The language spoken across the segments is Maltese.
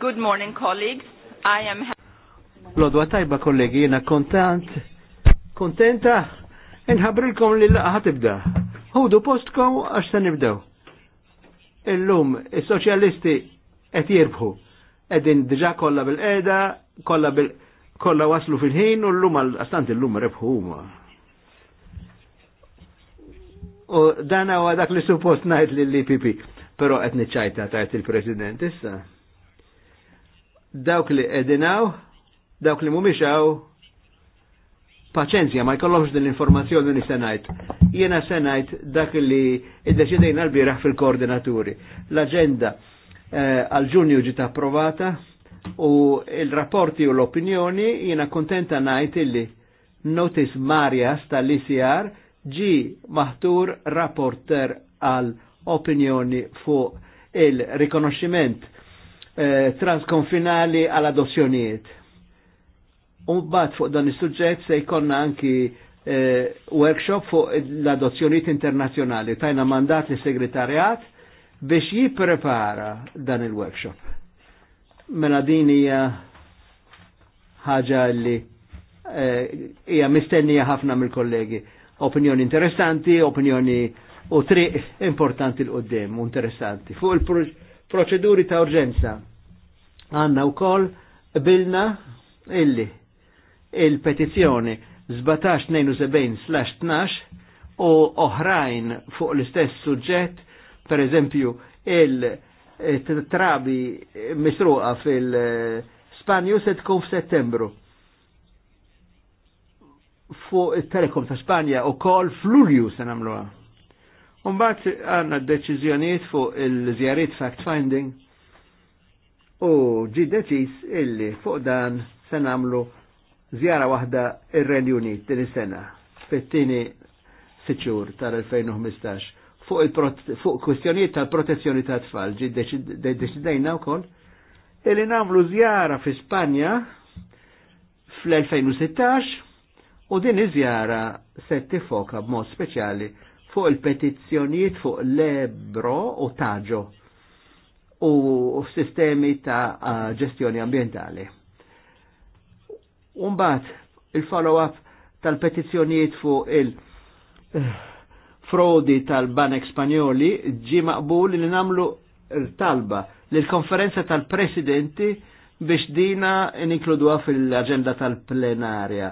Good morning, colleagues. I am Lodwa tajba kollegi, jena kontant, kontenta, nħabrilkom li laqa ħatibda. Hudu postkom għax ta' nibdew. Illum, il-soċjalisti qed jirbħu. Qegħdin diġà kollha bil-qeda, kollha bil kollha waslu fil-ħin u llum għastant astant illum rebħu huma. U dana huwa dak li suppost ngħid lill-IPP, però qed niċċajta tajt il-President issa dawk li edinaw, dawk li mumiex paċenzja, ma jkollomx din l-informazzjoni li senajt. Jena senajt dak li id-deċidejna l-biraħ fil-koordinaturi. L-agenda eh, għal-ġunju ġita approvata u il-rapporti u l-opinjoni jena kontenta najt illi notis Marjas tal-ICR ġi maħtur rapporter għal opinjoni fuq il rikonoximent Eh, transkonfinali għal adozzjonijiet. U bat fuq dan is-suġġett se jkollna anki eh, workshop fuq l-adozzjonijiet internazzjonali. Tajna mandat li segretarjat biex jipprepara dan il-workshop. Mela din hija ħaġa li eh, hija eh, mistennija ħafna mill-kollegi. Opinjoni interessanti, opinjoni u tri importanti l-qoddim, interessanti. Fuq il-proċeduri ta' urġenza, Għanna u kol bilna illi il-petizjoni 1772-12 u oħrajn fuq l-istess suġġett, per eżempju, il-trabi misruqa fil-Spanju se tkun f'Settembru. Fuq il-Telekom ta' Spanja u kol f'Lulju se namluha. Umbat għanna d-deċizjoniet fuq il żjarit fact-finding u ġi deċis illi fuq dan se nagħmlu żjara waħda ir-Renju Unit din is-sena fit tini siċur tal-2015 fuq kwestjonijiet tal-protezzjoni ta' tfal ġi deċidejna wkoll illi nagħmlu żjara fi Spanja fl-2016 u din iżjara se tifoka b'mod speċjali fuq il-petizzjonijiet fuq l-Ebro u Taġo u sistemi ta' ġestjoni ambientali. Umbat, il-follow-up tal petizjoniet fuq il-frodi eh, tal-Banek Spanjoli ġi maqbul li namlu talba l-konferenza tal-presidenti biex dina ninkluduha fil-agenda tal-plenarja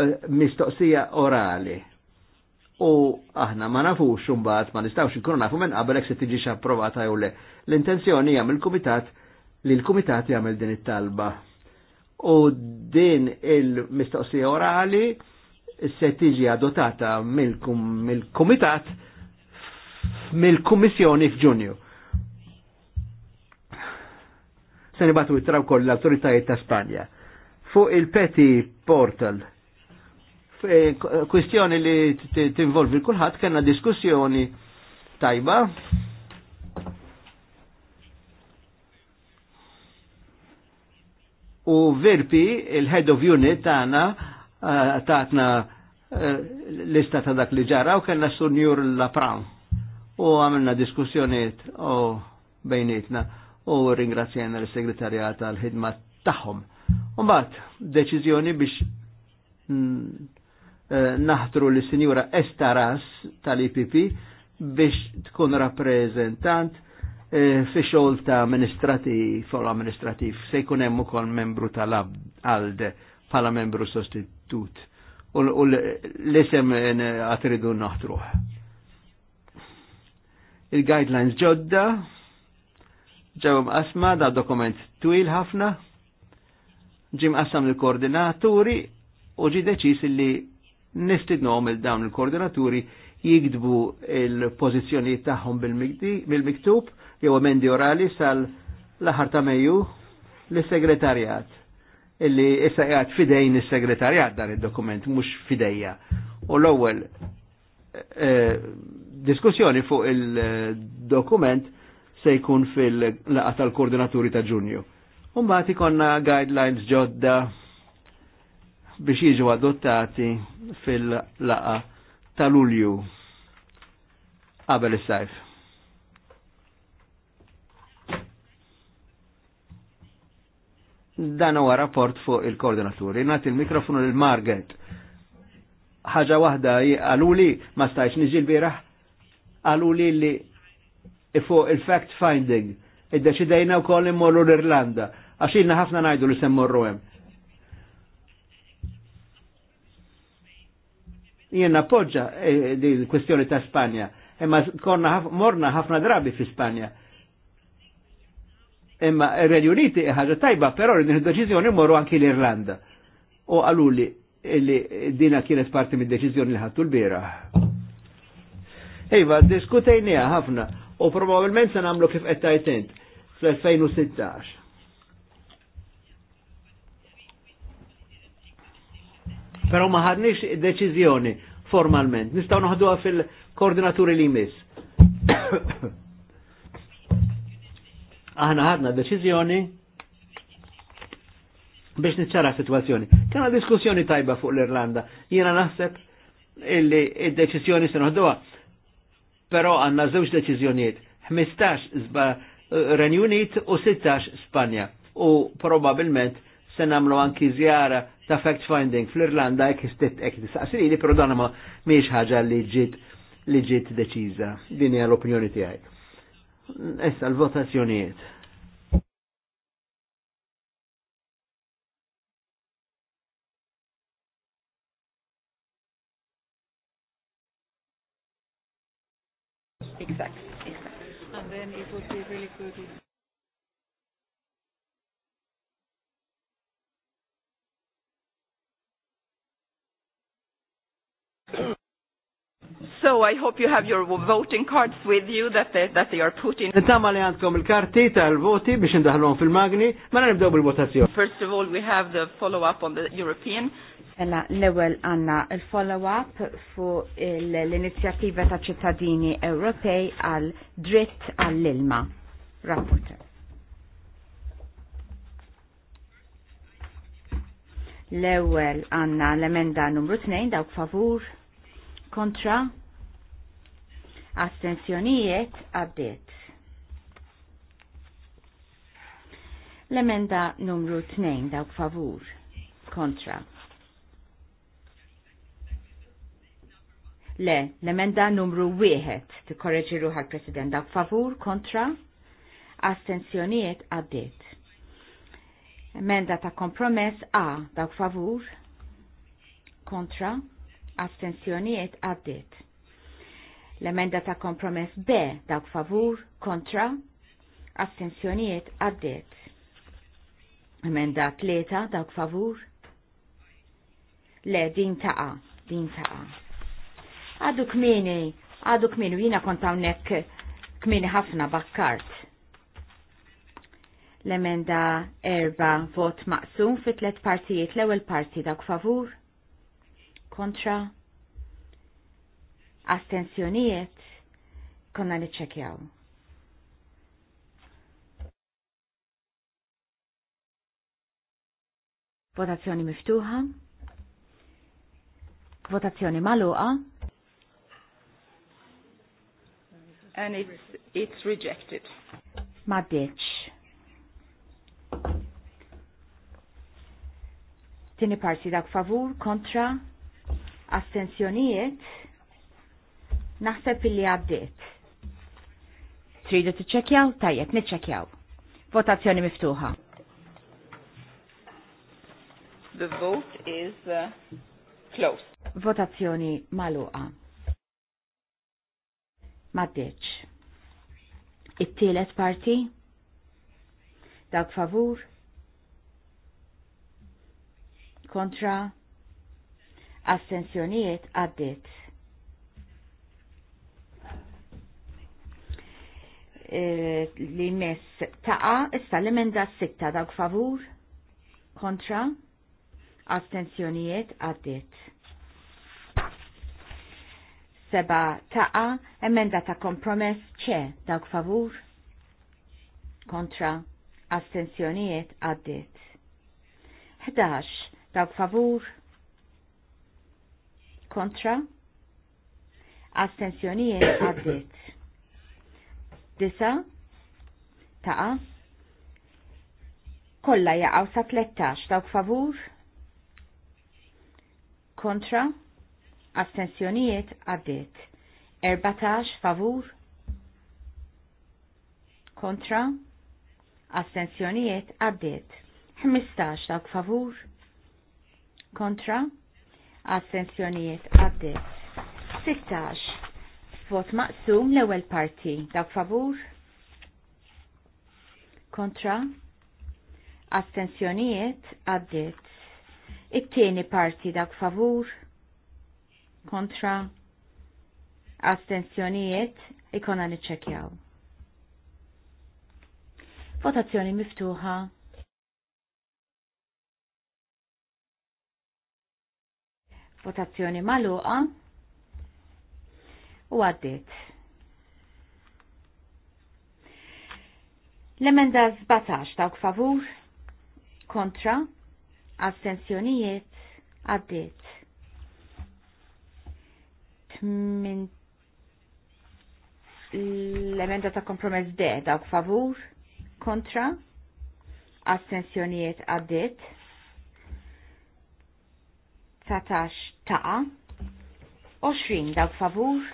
eh, mistoqsija orali u aħna ma nafux xumbat ma nistawx inkunu nafu minn qabel se tiġi approvata jew le. L-intenzjoni hija mill-kumitat li l-kumitat jagħmel din it-talba. U din il-mistoqsija orali se tiġi adottata mill-kumitat mill-kummissjoni f'Ġunju. Se nibatu it-traw koll l-autoritajiet ta' Spanja. Fuq il-Peti Portal Eh, kwistjoni li tinvolvi kulħadd kellna diskussjoni tajba. U Virpi, il-head of unit tagħna eh, tatna eh, lista ta' dak li ġara u kellna sunjur la pram. U għamilna diskussjoniet u bejnietna u ringrazzjena l-segretarjata għal-ħidma tagħhom. bat, deċizjoni biex mm, Eh, naħtru li sinjura Estaras tal-IPP biex tkun rappresentant eh, fi xogħol ta' amministrativ u amministrativ se jkun hemm ukoll membru tal alde bħala membru sostitut u l-isem għatridu naħtruħ. Il-guidelines ġodda ġew asma da' dokument twil ħafna ġim qasam il koordinaturi u ġi deċis li nistidnom il-dawn il-koordinaturi jikdbu il-pozizjoni tagħhom bil-miktub jew emendi orali sal l-aħar ta' Mejju l-segretarjat illi issa jgħat fidejn is-segretarjat dan id-dokument mhux fidejja. U l-ewwel eh, diskussjoni fuq il-dokument se jkun fil-laqa tal-koordinaturi ta' Ġunju. Umbagħad konna guidelines ġodda biex jiġu adottati fil-laqa tal-Ulju qabel is-sajf. Dan huwa rapport fuq il-koordinaturi. Nat il-mikrofonu lil Margaret. Ħaġa waħda għaluli ma stajx niġi l-bieraħ għaluli li fuq il-fact finding id-deċidejna u koll immorru l-Irlanda għax ħafna najdu li semmorru hemm jien poġġa eh, di l-kwestjoni ta' Spanja. Imma konna morna ħafna drabi fi Spanja. Imma ir-Renju Uniti ħaġa tajba, però din id-deċiżjoni morru anki l-Irlanda. U għaluli li dina kienet parti mid-deċiżjoni li ħattu l-bira. Iva, diskutejnija ħafna u probabilment se nagħmlu kif qed tajtent fl-2016 Però ma ħadniex deċiżjoni formalment. Nistgħu noħduha fil-koordinaturi li jmiss. Aħna ħadna deċiżjoni biex niċċara situazzjoni. Kena diskussjoni tajba fuq l-Irlanda. Jiena naħseb illi id-deċizjoni se noħduha. Però għandna żewġ deċiżjonijiet. 15 zba Renju Unit u 16 Spanja. U probabilment se nagħmlu anki żjara ta' fact finding fl-Irlanda jek istet ek disaqsiri li pero ma miex ħaġa li ġiet li ġiet deċiża. Din hija l-opinjoni tiegħi. Issa l-votazzjonijiet. So I hope you have your voting cards with you that they, uh, that they are put in. Nittama li għandkom il-karti tal-voti biex fil-magni, ma nibdew bil-votazzjoni. First of all, we have the follow-up on the European. Ella l-ewwel għandna il-follow-up fu l-inizjattiva ta' ċittadini Ewropej għal dritt għall-ilma. Rapporter. L-ewwel għandna l-emenda numru 2 dawk favur kontra Astenzjonijiet għaddiet. L-emenda numru 2 dawk favur kontra. Le, l-emenda numru 1 tikkorreġi ruħal president dawk favur kontra. Astenzjonijiet għaddiet. Emenda ta' kompromess A dawk favur kontra. Astenzjonijiet għaddiet L-emenda ta' kompromess B dawk favur kontra astensjonijiet għaddiet. Emenda 3 dawk favur le din A, din A. Għaddu kmini, għaddu kmini, jina kont hawnhekk kmini ħafna bakkart. L-emenda erba vot maqsum fit tlet partijiet l-ewwel parti dak favur, kontra, astensjonijiet konna niċċekjaw. Votazzjoni miftuħa. Votazzjoni maluqa. And it's, it's rejected. Ma deċ. Tini parti dak favur, kontra, astensjonijiet Naħseb illi għaddiet. Tridu tiċċekjaw? Tajjeb, niċċekjaw. Votazzjoni miftuħa. The vote is uh, closed. Votazzjoni maluqa. Maddeċ. It-tielet parti? Dawk favur? Kontra? Astensjonijiet għaddit. Eh, li mess taqa, issa l-emenda sitta dawk favur, kontra, astenzjonijiet għaddit. Seba taqa, emenda ta' kompromess ċe dawk favur, kontra, astenzjonijiet għaddit. 11 dawk favur, kontra, astenzjonijiet għaddit disa, taqa, kolla jaqaw sa 13, dawk favur, kontra, astensjonijiet għaddit, 14 favur, kontra, astensjonijiet għaddit, 15 dawk favur, kontra, astensjonijiet għaddit, 16 Vot maqsum l-ewwel parti. Dak favur? Kontra? Astensjonijiet għaddiet. It-tieni parti dak favur? Kontra? Astensjonijiet ikonna niċċekjaw. Votazzjoni miftuħa. Votazzjoni maluqa u għaddit. L-emenda 17 ta' favur, kontra, astensjonijiet, għaddit. 8 l-emenda ta' kompromess D ta' favur, kontra, astensjonijiet għaddit, 19 ta' 20 dawk favur,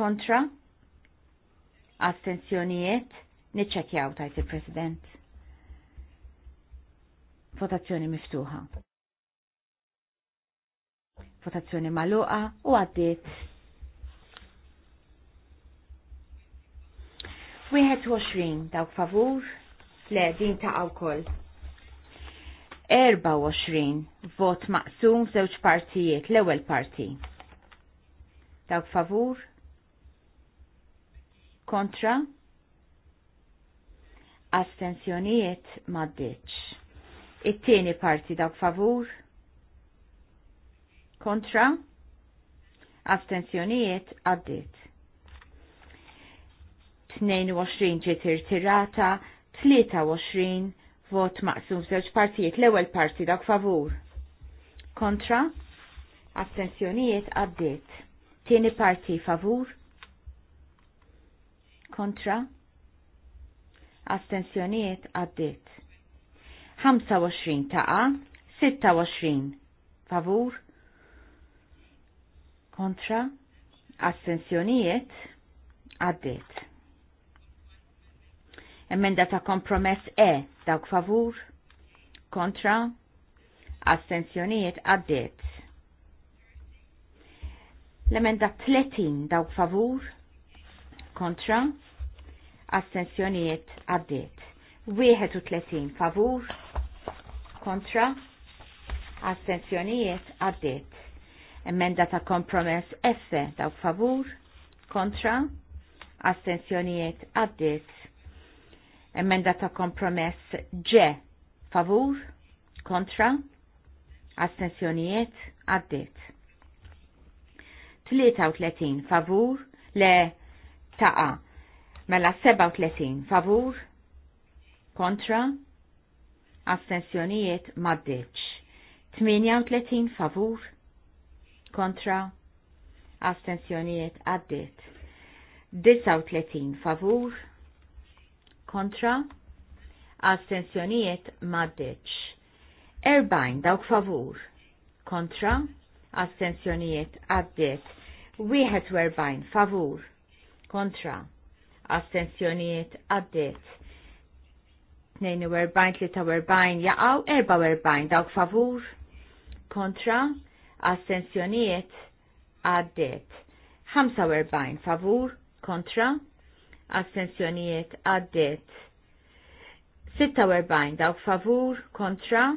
kontra, astenzjonijiet, niċċekjaw tajt il-President. Votazzjoni miftuħa. Votazzjoni maluqa u għaddit. 21 dawk favur, le din ta' awkoll. 24 vot maqsum zewċ partijiet l-ewwel parti. Dawk favur, kontra astensjonijiet maddeċ. It-tieni parti dawk favur kontra Astenzjonijiet għaddit. 22 ġiet irtirata, 23 vot maqsum żewġ partijiet l-ewwel parti dak favur. Kontra, astensjonijiet għaddiet. Tieni parti favur, kontra astensjoniet għaddit. 25 taqa, 26 favur, kontra, astensjoniet għaddit. Emenda ta' kompromess E, dawk favur, kontra, astensjonijiet, għaddit. L-emenda 30 dawk favur, kontra, Astensjoniet għaddiet. 31 favur kontra astensjonijiet għaddiet. Emenda ta' kompromess F daw favur kontra astensjonijiet għaddiet. Emenda ta' kompromess G favur kontra astensjonijiet għaddiet. 33 favur le ta'. Mela 37 favur, kontra, astensjonijiet maddeċ. 38 favur, kontra, astensjonijiet għaddit. 39 favur, kontra, astensjonijiet maddeċ. 40 dawk favur, kontra, astensjonijiet għaddit. 41 favur, kontra, astensjonijiet għaddit. 42-43 jaqaw 44 dawk favur kontra astensjonijiet għaddit. 45 favur kontra astensjonijiet għaddit. 46 dawk favur kontra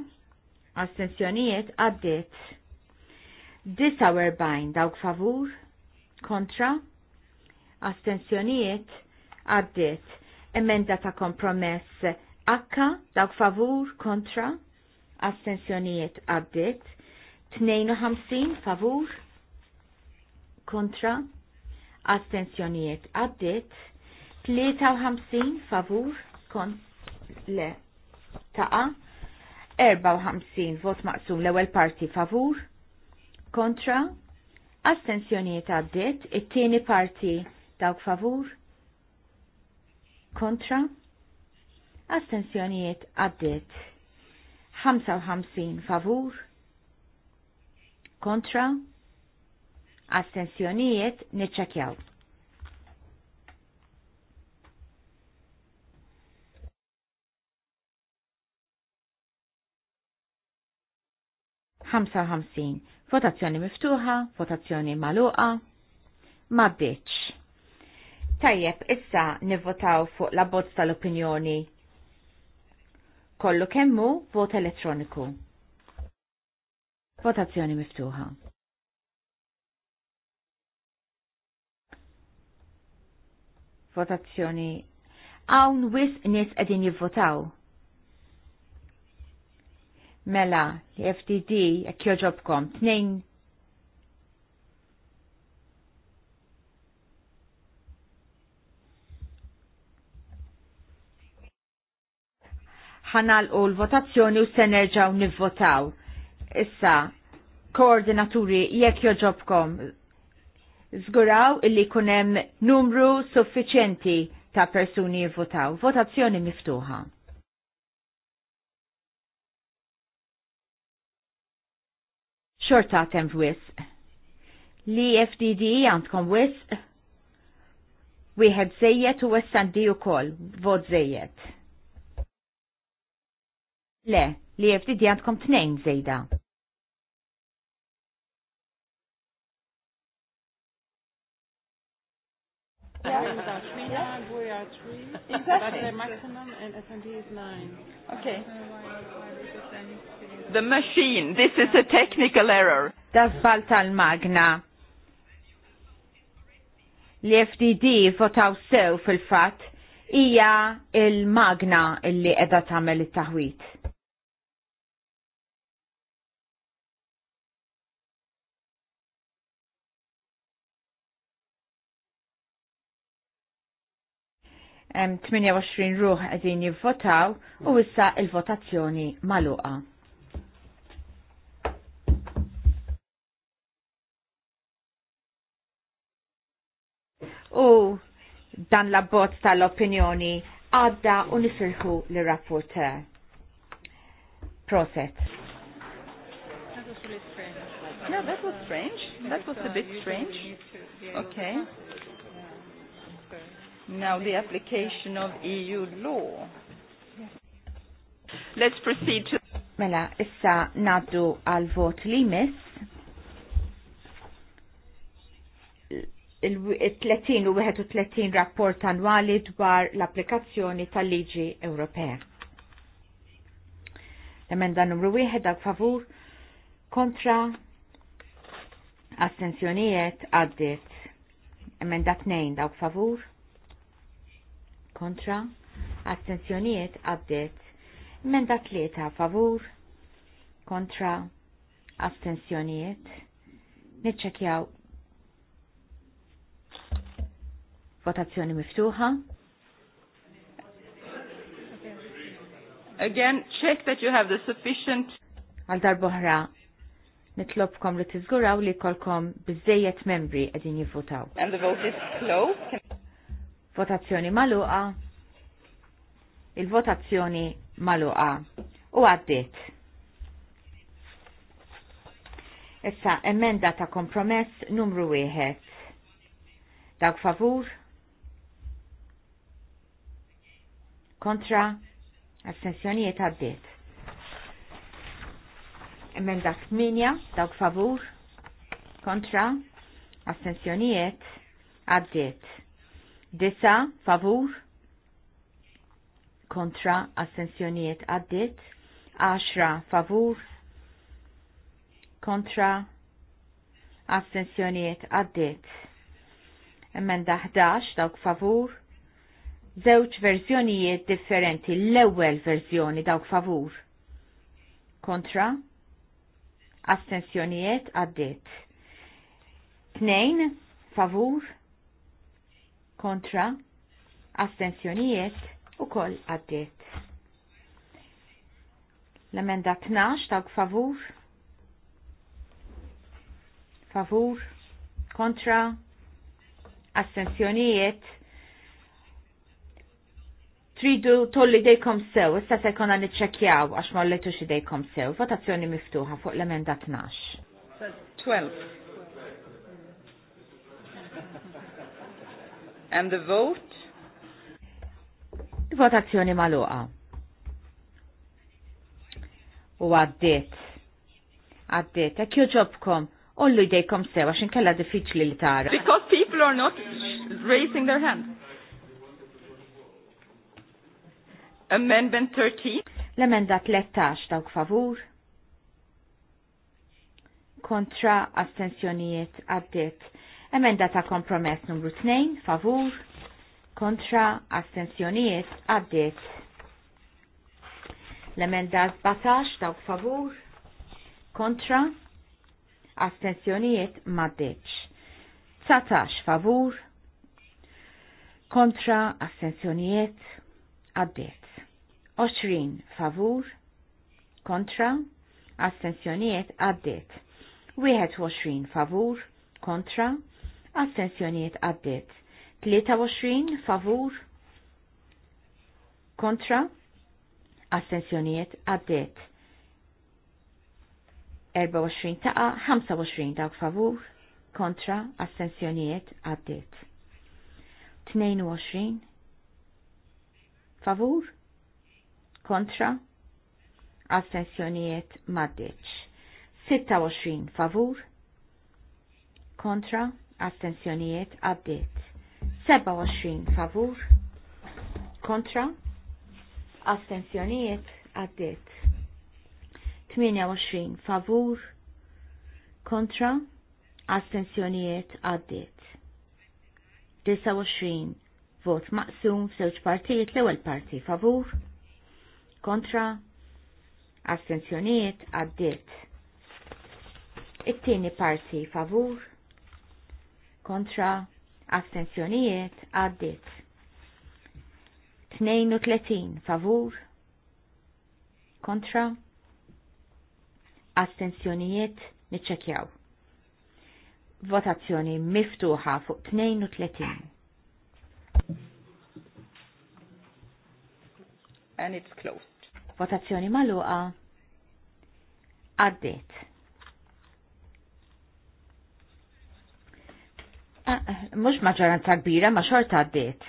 astensjonijiet għaddit. 49 dawk favur kontra astensjonijiet għaddiet. Emenda ta' kompromess akka dawk favur kontra astensjonijiet għaddiet. 52 favur kontra astensjonijiet għaddiet. 53 favur kon le ta' 54 vot maqsum l-ewwel parti favur kontra astensjonijiet għaddiet it-tieni parti dawk favur kontra, astensjonijiet għaddit 55 favur, kontra, astensjonijiet niċċakjaw. Hamsa Votazzjoni miftuħa, votazzjoni maluqa, ma bdiċ. Tajjeb, issa nivvotaw fuq la bozz tal-opinjoni. Kollu kemmu vot elettroniku. Votazzjoni miftuħa. Votazzjoni. Hawn wis nies qegħdin jivvotaw. Mela, FDD, jekk jogħġobkom. tnejn u l-votazzjoni u se nerġgħu nivvotaw. Issa, koordinaturi jekk joġobkom zguraw illi kunem numru suffiċenti ta' persuni jivvotaw. Votazzjoni miftuħa. Xorta tem wisq. Li FDD għandkom wisq. Wieħed zejjed u wessandi u kol, vot zejjed. Le, li FDD għandkom tnejn zejda. Okay. The machine, this is a technical error. Da tal-magna. Li fdd votaw sew fil-fat ija il-magna illi edha tamel it-taħwit. 28 ruħ għedin jivvotaw u issa il-votazzjoni maluqa. U dan la bot tal-opinjoni għadda u nisirħu l-rapporter. Proset. No that was strange. That was a bit strange. Okay. Now the application of EU law. Let's proceed to... Mela, issa naddu għal vot li mis. Il-30 u 31 rapport annwali dwar l-applikazzjoni tal-liġi Ewropea. L-emenda numru 1 għal favur kontra astensjonijiet għaddit. Emenda 2 dawk favur kontra, astenzjonijiet għaddit. Menda tlieta favur, kontra, astenzjonijiet. Niċċekjaw. Votazzjoni miftuħa. Again, check that you have the sufficient għal darboħra nitlobkom li tiżguraw li kolkom bizzejiet membri għedin jivvotaw. And the vote is closed. Votazzjoni maluqa. Il-votazzjoni maluqa. U għaddit. Issa emenda ta' kompromess numru wieħed. Dawk favur? Kontra? Assenzjonijiet għaddit. Emenda 8, dawk favur? Kontra? Assenzjonijiet għaddit. Disa, favur, kontra assenzjoniet għaddit, 10 favur, kontra assenzjoniet għaddit. Emenda 11 dawk favur, zewċ verżjonijiet differenti, l-ewwel verżjoni dawk favur. Kontra, astensjonijiet għaddit. Tnejn, favur, kontra astensjonijiet u koll għaddiet. L-emenda 12 tal favur, favur, kontra, astensjonijiet, tridu tolli dejkom sew, issa se jkollna niċċekkjaw għax ma lletux idejkom sew, votazzjoni miftuħa fuq l-emenda 12. 12. And the vote? Votazzjoni maluqa. U għaddit. Għaddit. Ek joġobkom. Ullu jdejkom sewa xin kella diffiċli li tara. Because people are not raising their hands. Amendment 13. L-emenda 13 dawk favur. Kontra astensjonijiet għaddit Emenda ta' kompromess numru 2, favur, kontra, astensjonijiet, għaddit. L-emenda 17, dawk favur, kontra, astensjonijiet, maddit. 19, favur, kontra, astensjonijiet, għaddit. 20, favur, kontra, astensjonijiet, għaddit. 21, favur, kontra, Astenzjonijiet għaddit. 23 favur kontra. Astenzjonijiet għaddit. 24 taqa, 25 dawk favur kontra. Astenzjonijiet għaddit. 22 favur kontra. Astenzjonijiet maddiċ. 26 favur kontra astensjonijiet għaddit. 27 favur kontra astensjonijiet għaddit. 28 favur kontra astensjonijiet għaddit. 29 vot maqsum f'żewġ partijiet l-ewwel parti favur kontra astensjonijiet għaddit. It-tieni parti favur kontra astensjonijiet għaddit. 32 favur kontra astensjonijiet niċċekjaw. Votazzjoni miftuħa fuq 32. And it's closed. Votazzjoni maluqa għaddit. Ah, eh, Mux maġġoranza kbira ma xorta għaddiet.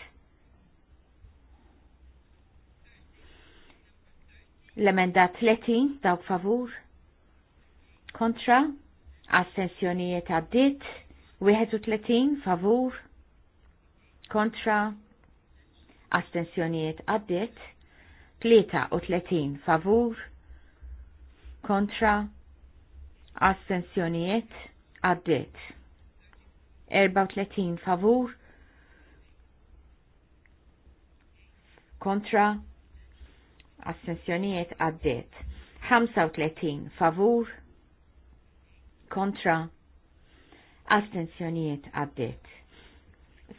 L-emenda 30 dawk favur. Kontra. Astensjonijiet għaddiet. 31 favur. Kontra. Astensjonijiet għaddiet. 33 favur. Kontra. Astensjonijiet għaddiet. 34 favur kontra assenzjonijiet għaddiet 35 favur kontra astensjonijiet għaddiet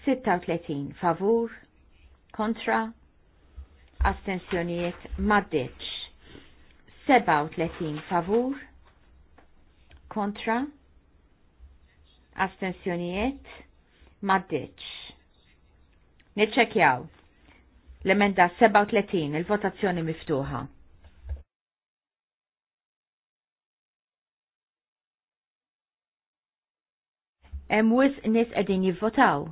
36 favur kontra astenzjonijiet maddiċ 37 favur kontra astensjonijiet ddeċ. Niċċekjaw. L-emenda 37, il-votazzjoni miftuħa. Hemm nis nies qegħdin jivvotaw.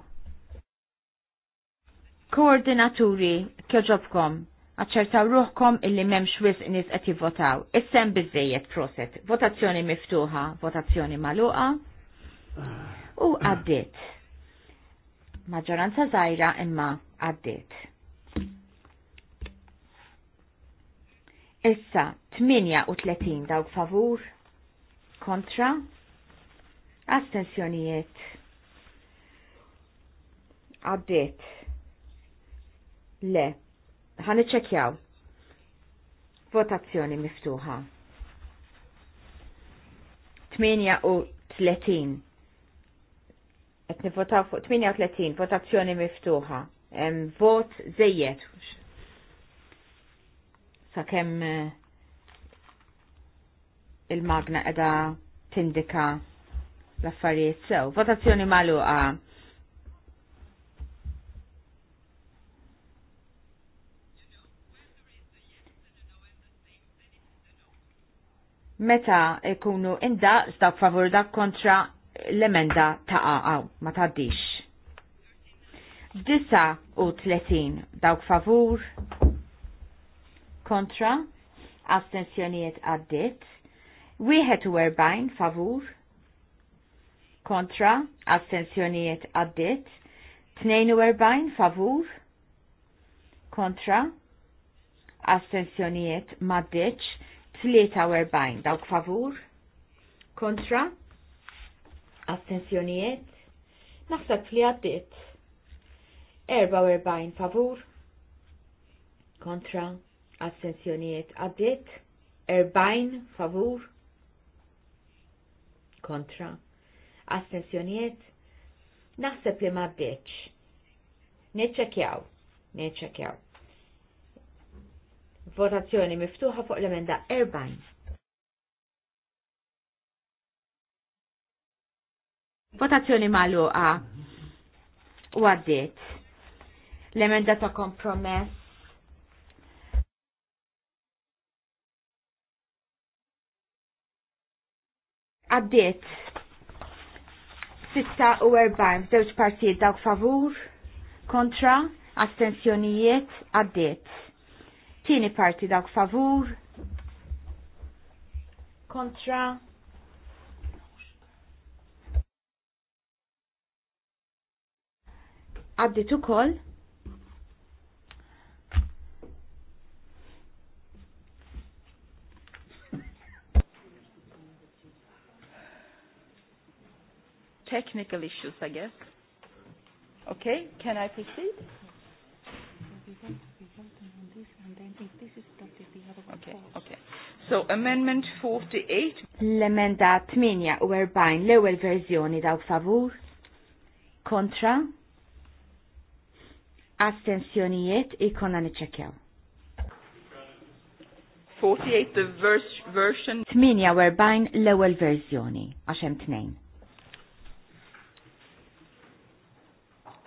Koordinaturi kjoġobkom aċċertaw ruħkom illi memx wis nis qed jivvotaw. Issem biżejjed proset. Votazzjoni miftuħa, votazzjoni maluqa. U għaddit. Maġġoranza zaħira imma għaddit. Issa 38 dawk favur kontra astensjonijiet għaddit le ħan iċċekjaw votazzjoni miftuħa 38 qed nivvotaw fuq 38 votazzjoni miftuħa. Hemm vot żejjed. Sakemm eh, il-magna qiegħda tindika l-affarijiet sew. Votazzjoni magħluqa. Meta ikunu indaqs dak favur dak kontra l-emenda ta' għaw, ma u 39 dawk favur kontra astensjonijiet għaddit, 41 favur kontra astensjonijiet għaddit, 42 favur kontra astensjonijiet maddiċ, 43 dawk favur kontra Astensjonijiet? Naħseb li għaddit. 44 favur. Kontra. Astensjonijiet għaddit. 40 favur. Kontra. Astensjonijiet? Naħseb li ma għaddit. Neċċekjaw. Votazzjoni miftuħa fuq l-emenda 40. Votazzjoni maluqa u għaddiet. L-emenda ta' kompromess. Għaddiet. 46 f'żewġ partijiet dawk favur, kontra, astensjonijiet, għaddiet. Tieni parti dawk favur, kontra, għaddit ukoll technical issues, I guess. Okay, can I proceed? Okay, okay. So, Amendment 48. L-emenda 48 l-ewel verżjoni daw favur, kontra, astensjonijiet ikonna niċċekjaw. 48 the verse version 48 l-ewwel verżjoni għax hemm tnejn.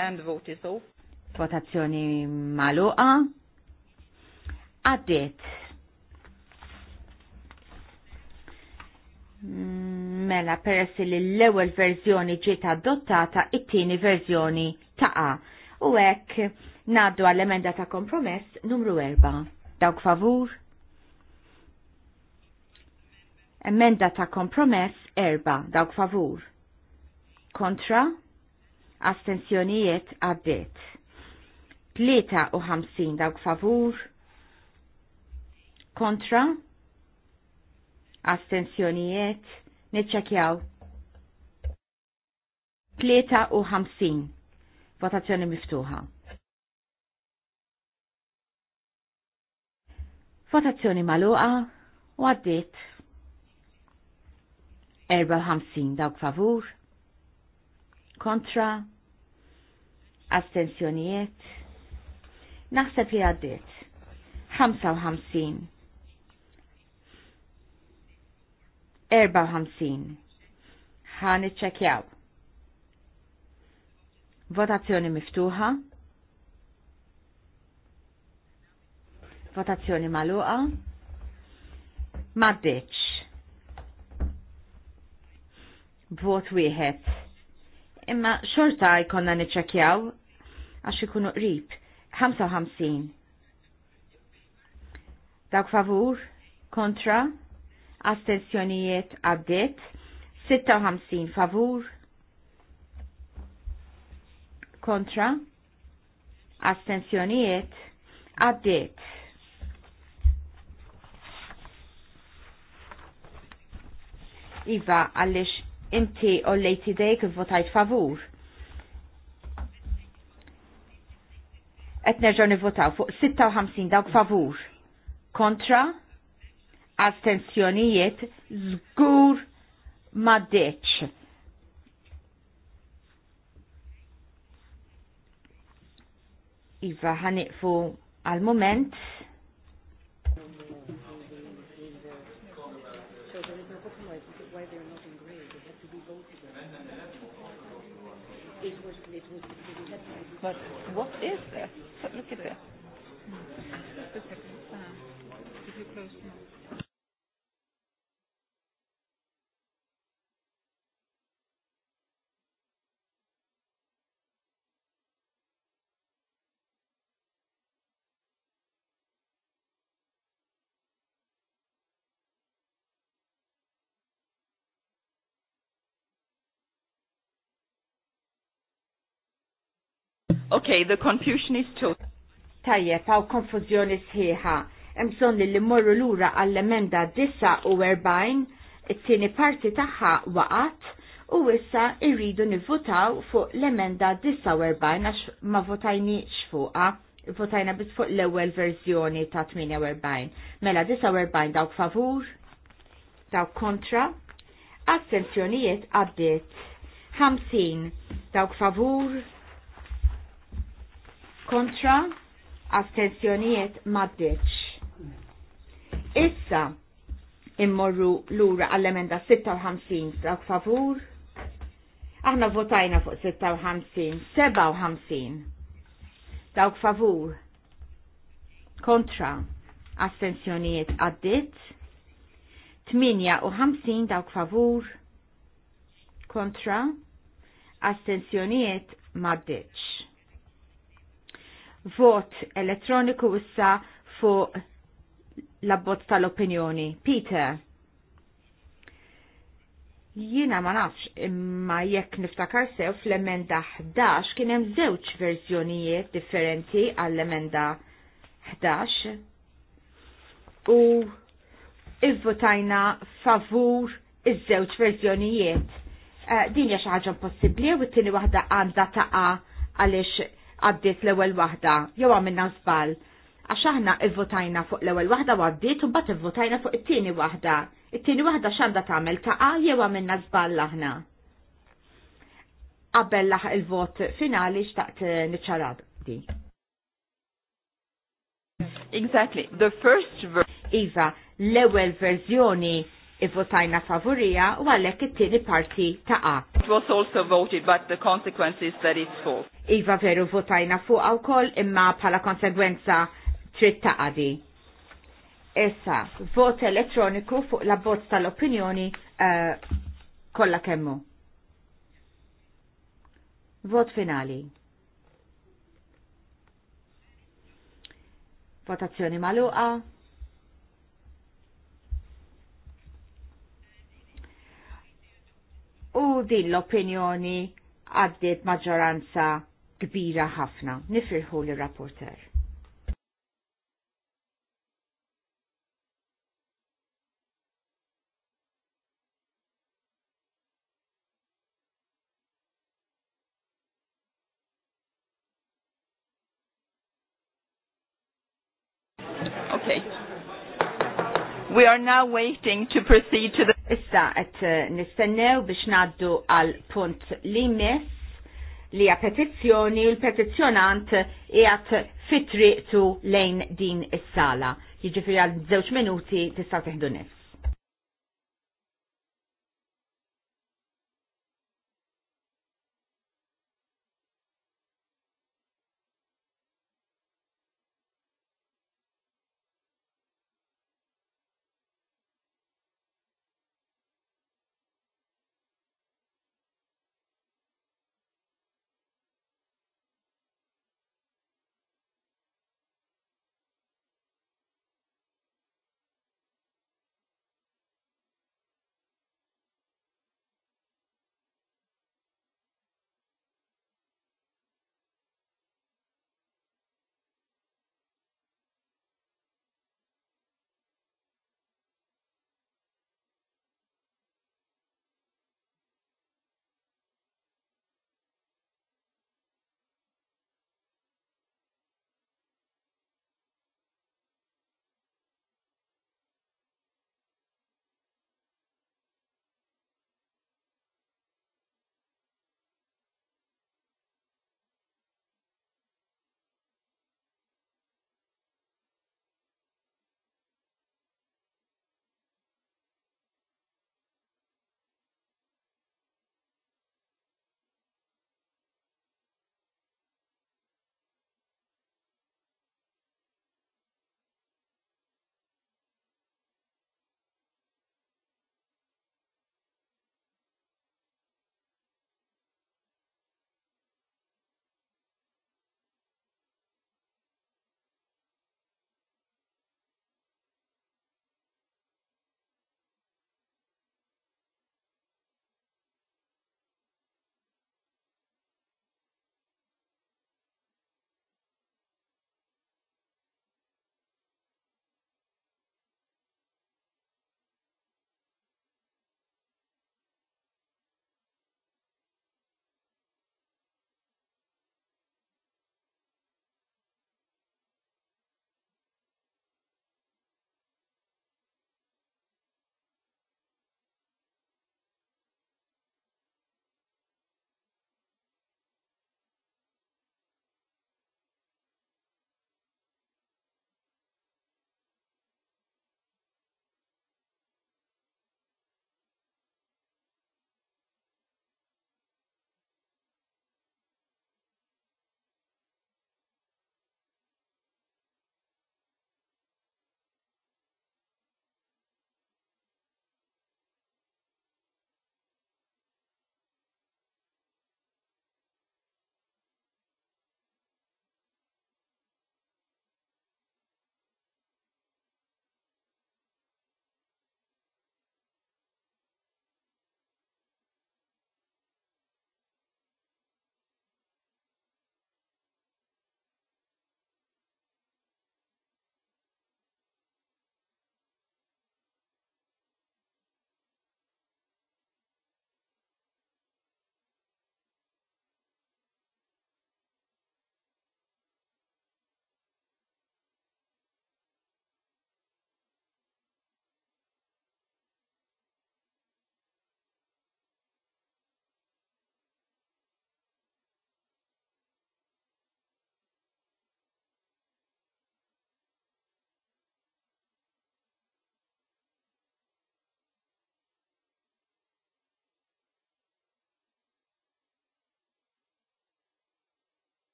And vote is off. Votazzjoni maluqa. Għaddiet. Mm, mela peress li l-ewwel verżjoni ġiet adottata, it-tieni verżjoni taqa' u hekk naddu għall-emenda ta' kompromess numru 4. Dawk favur? Emenda ta' kompromess 4. Dawk favur? Kontra? Astenzjonijiet għaddiet. 53 dawk favur? Kontra? Astenzjonijiet? Niċċekjaw. 53 Votazzjoni miftuħa. Votazzjoni maluqa u għaddit 54 dawk favur, kontra, astensjonijiet, naħseb li għaddit 55, 54, ħan iċċekjaw. Votazzjoni miftuħa. Votazzjoni maluqa. Maddeċ. Vot wieħed. Imma xorta jkonna niċċekkjaw għax ikunu qrib. 55. Dawk favur, kontra, astensjonijiet għaddiet 56 favur, kontra, astensjonijiet, għaddiet. Iva, għallix inti u lejti dejk votajt favur. Et nerġaw nivvotaw fuq 56 dawk favur. Kontra, astensjonijiet, zgur ma deċ. Iva, ħaniqfu għal-moment. But what is this? Look at this. Just a second. Uh, if you close now. Okay, the confusion is too. Tajjeb, għaw konfuzjoni sħiħa. Imson li li morru l-ura għall-emenda 49, it-tieni parti taħħa waqat, u issa irridu nivvotaw fuq l-emenda 49 għax ma votajni xfuqa. Votajna bis fuq l-ewwel verżjoni ta' 48. Mela 49 dawk favur, dawk kontra, Attenzjonijiet għaddit 50 dawk favur, kontra astensjonijiet maddeċ. Issa immorru lura għall-emenda 56 dak favur. Aħna votajna fuq 56, 57. Dawk favur. Kontra. Astensjonijiet għaddit. 58 dawk favur. Kontra. Astensjonijiet maddeċ vot elettroniku issa fuq l-abbozz tal-opinjoni. Peter, jiena ma nafx imma jekk niftakar sew fl-emenda 11 kien hemm żewġ verżjonijiet differenti għall-emenda 11 u ivvotajna favur iż-żewġ verżjonijiet. Uh, din hija xi ħaġa possibbli u t-tieni waħda għandha taqa' għaliex għaddiet l-ewwel waħda jew għamilna żball. Għax aħna votajna fuq l-ewwel waħda u għaddiet u mbagħad votajna fuq it-tieni waħda. It-tieni waħda x'għandha tagħmel taqa' jew għamilna żball aħna. Qabel laħ il-vot finali xtaqt eh, niċċarab di. Exactly, the first version. Iva, l-ewwel verżjoni ivvotajna favorija u għalhekk it-tieni parti taqa. It was also voted but the consequence is that it's false. Iva veru votajna fuq wkoll imma bħala konsegwenza trid taqadi. Issa, vot elettroniku fuq la bozz tal-opinjoni uh, kollha kemmu. Vot finali. Votazzjoni maluqa. u din l-opinjoni għaddiet maġġoranza kbira ħafna. Nifirħu l rapporter Okay. We are now waiting to proceed to the Issa qed eh, nistennew biex ngħaddu għal punt li miss li hija petizzjoni u l-petizzjonant qiegħed fitriqtu lejn din is-sala. Jiġifieri għal żewġ minuti tista' teħdu nifs.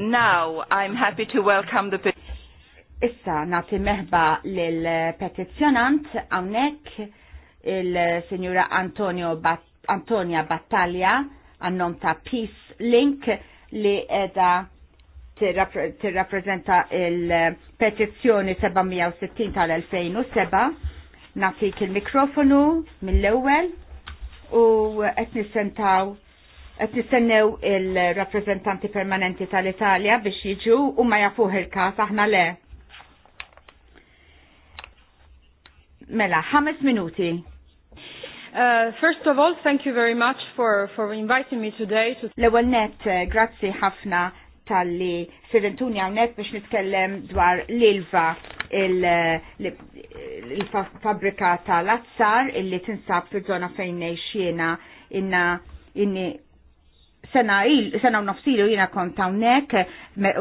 Now, I'm happy to welcome the Issa nati meħba lil petizzjonant għawnek il-Sinjura Antonio Bat Antonia Battaglia għannom ta' Peace Link li edha tirrapprezenta il-petizzjoni 760 tal-2007. Natik il-mikrofonu mill-ewwel u qed nissentaw qed nistennew il-rappreżentanti permanenti tal-Italja biex jiġu u ma jafuh il-każ aħna le. Mela, ħames minuti Uh, first of all, thank you very much for, for inviting me today. To... L-ewel net, eh, grazzi ħafna tal-li sirrentuni għawnek biex nitkellem dwar l-ilva eh, il-fabrika tal-azzar illi tinsab fil-zona fejn xiena inna inni sena il, sena u nofsilu jina kont għawnek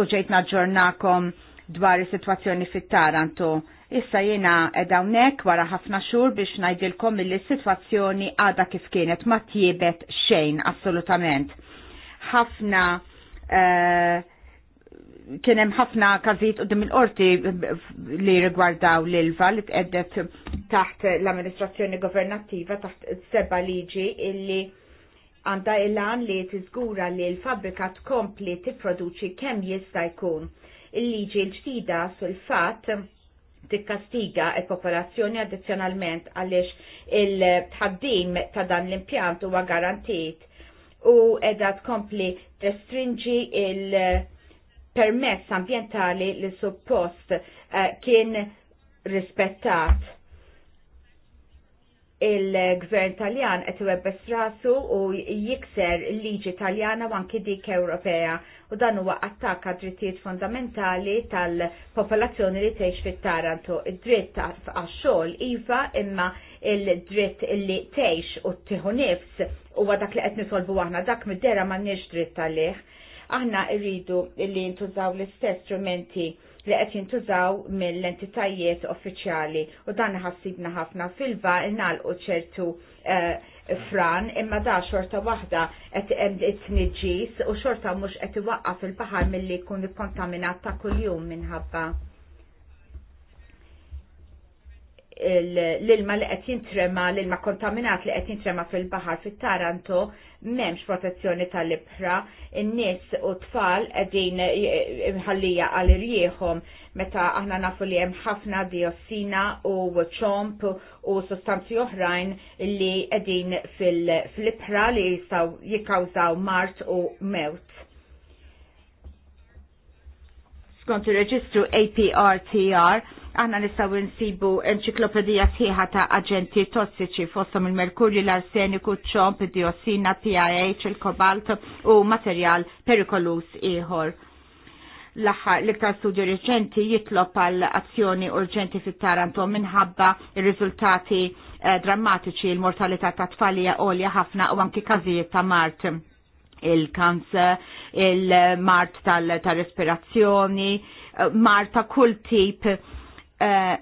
u ġejt naġġornakom dwar is-sitwazzjoni fit-Taranto. Issa jiena edha hawnhekk wara ħafna xhur biex ngħidilkom li s-sitwazzjoni għadha kif kienet ma tjiebet xejn assolutament. Ħafna kienem eh, kien hemm ħafna każijiet qudiem il-qorti li rigwardaw l-ilva li tqeddet taħt l-amministrazzjoni governattiva taħt seba liġi illi għandha il-għan li tiżgura li l fabbrika tkompli tipproduċi kemm jista' jkun il-liġi l-ġdida sul fat tikkastiga il-popolazzjoni addizjonalment għaliex il-tħaddim ta' dan l-impjant huwa garantit u edha tkompli testringi il-permess ambientali li suppost eh, kien rispettat il-gvern taljan qed iwebbes rasu u jikser liġi taljana u anki dik Ewropea u dan huwa attakk għad drittijiet fondamentali tal-popolazzjoni li tgħix fit-Taranto. Id-dritt għax-xogħol iva imma il-dritt li tgħix u tieħu nifs huwa dak li qed nitolbu aħna dak mid-dera m'għandniex dritt għalih. Aħna rridu li ntużaw l-istess strumenti li qed jintużaw mill-entitajiet uffiċjali u dan ħassibna ħafna filva nnalqu ċertu eh, fran imma da xorta waħda qed it u xorta mhux qed iwaqqaf il-baħar milli jkun ikkontaminat ta' kuljum minħabba l-ilma li qed jintrema, l-ilma kontaminat li qed jintrema fil-baħar fit-Taranto m'hemmx protezzjoni tal-ibħra, in-nies u tfal qegħdin imħallija għal irjieħhom meta aħna nafu li hemm ħafna diossina u ċomp u sostanzi oħrajn li qegħdin fil-ibħra li jistgħu jikkawżaw mart u mewt. Skont ir-reġistru APRTR għanna nistaw nsibu enċiklopedija sħiħa ta' aġenti tossiċi fossom il-merkurju, l-arseniku, ċomp, diossina, PIH, il-kobalt u materjal perikolus ieħor. L-aħħar l-iktar studju reċenti jitlob għal azzjoni urġenti fit-Taranto minħabba il riżultati eh, drammatiċi il-mortalità ta' tfalija għolja ħafna u anki każijiet ta' mart il-kanser, il-mart tal-respirazzjoni, eh, mart ta' kull tip Eh,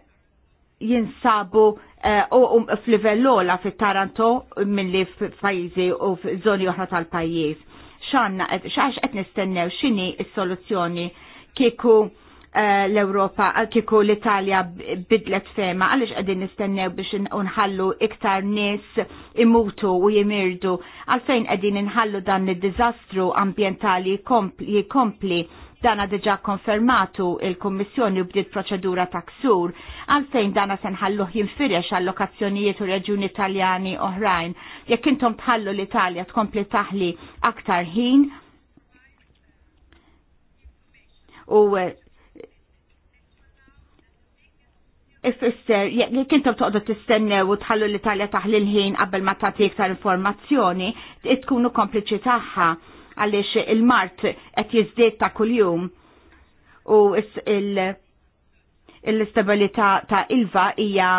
jinsabu eh, u f'livell ola fit-Taranto milli f'pajjiżi u f'żoni oħra tal-pajjiż. Xanna, xax qed nistennew x'inhi s-soluzzjoni kieku eh, l-Europa, kiku l-Italja bidlet fema, għalix għedin nistennew biex unħallu iktar nis imutu u jimirdu, għalfejn għedin nħallu dan il-dizastru ambientali jikompli Dana diġa konfermatu il-Kommissjoni bdiet proċedura ta' ksur għalfejn dana nħalluh jinfirex allokazzjonijiet u r-reġjuni Italjani oħrajn. Jekk intom tħallu l-Italja tkompli taħli aktar ħin u eh, ifisser, jek intom toqdu tistennew u tħallu l-Italja taħli l-ħin qabel ma tagħti iktar informazzjoni, tkunu kompliċi tagħha għaliex il-mart qed jiżdied ta' kuljum u l-istabilità ta' ilva hija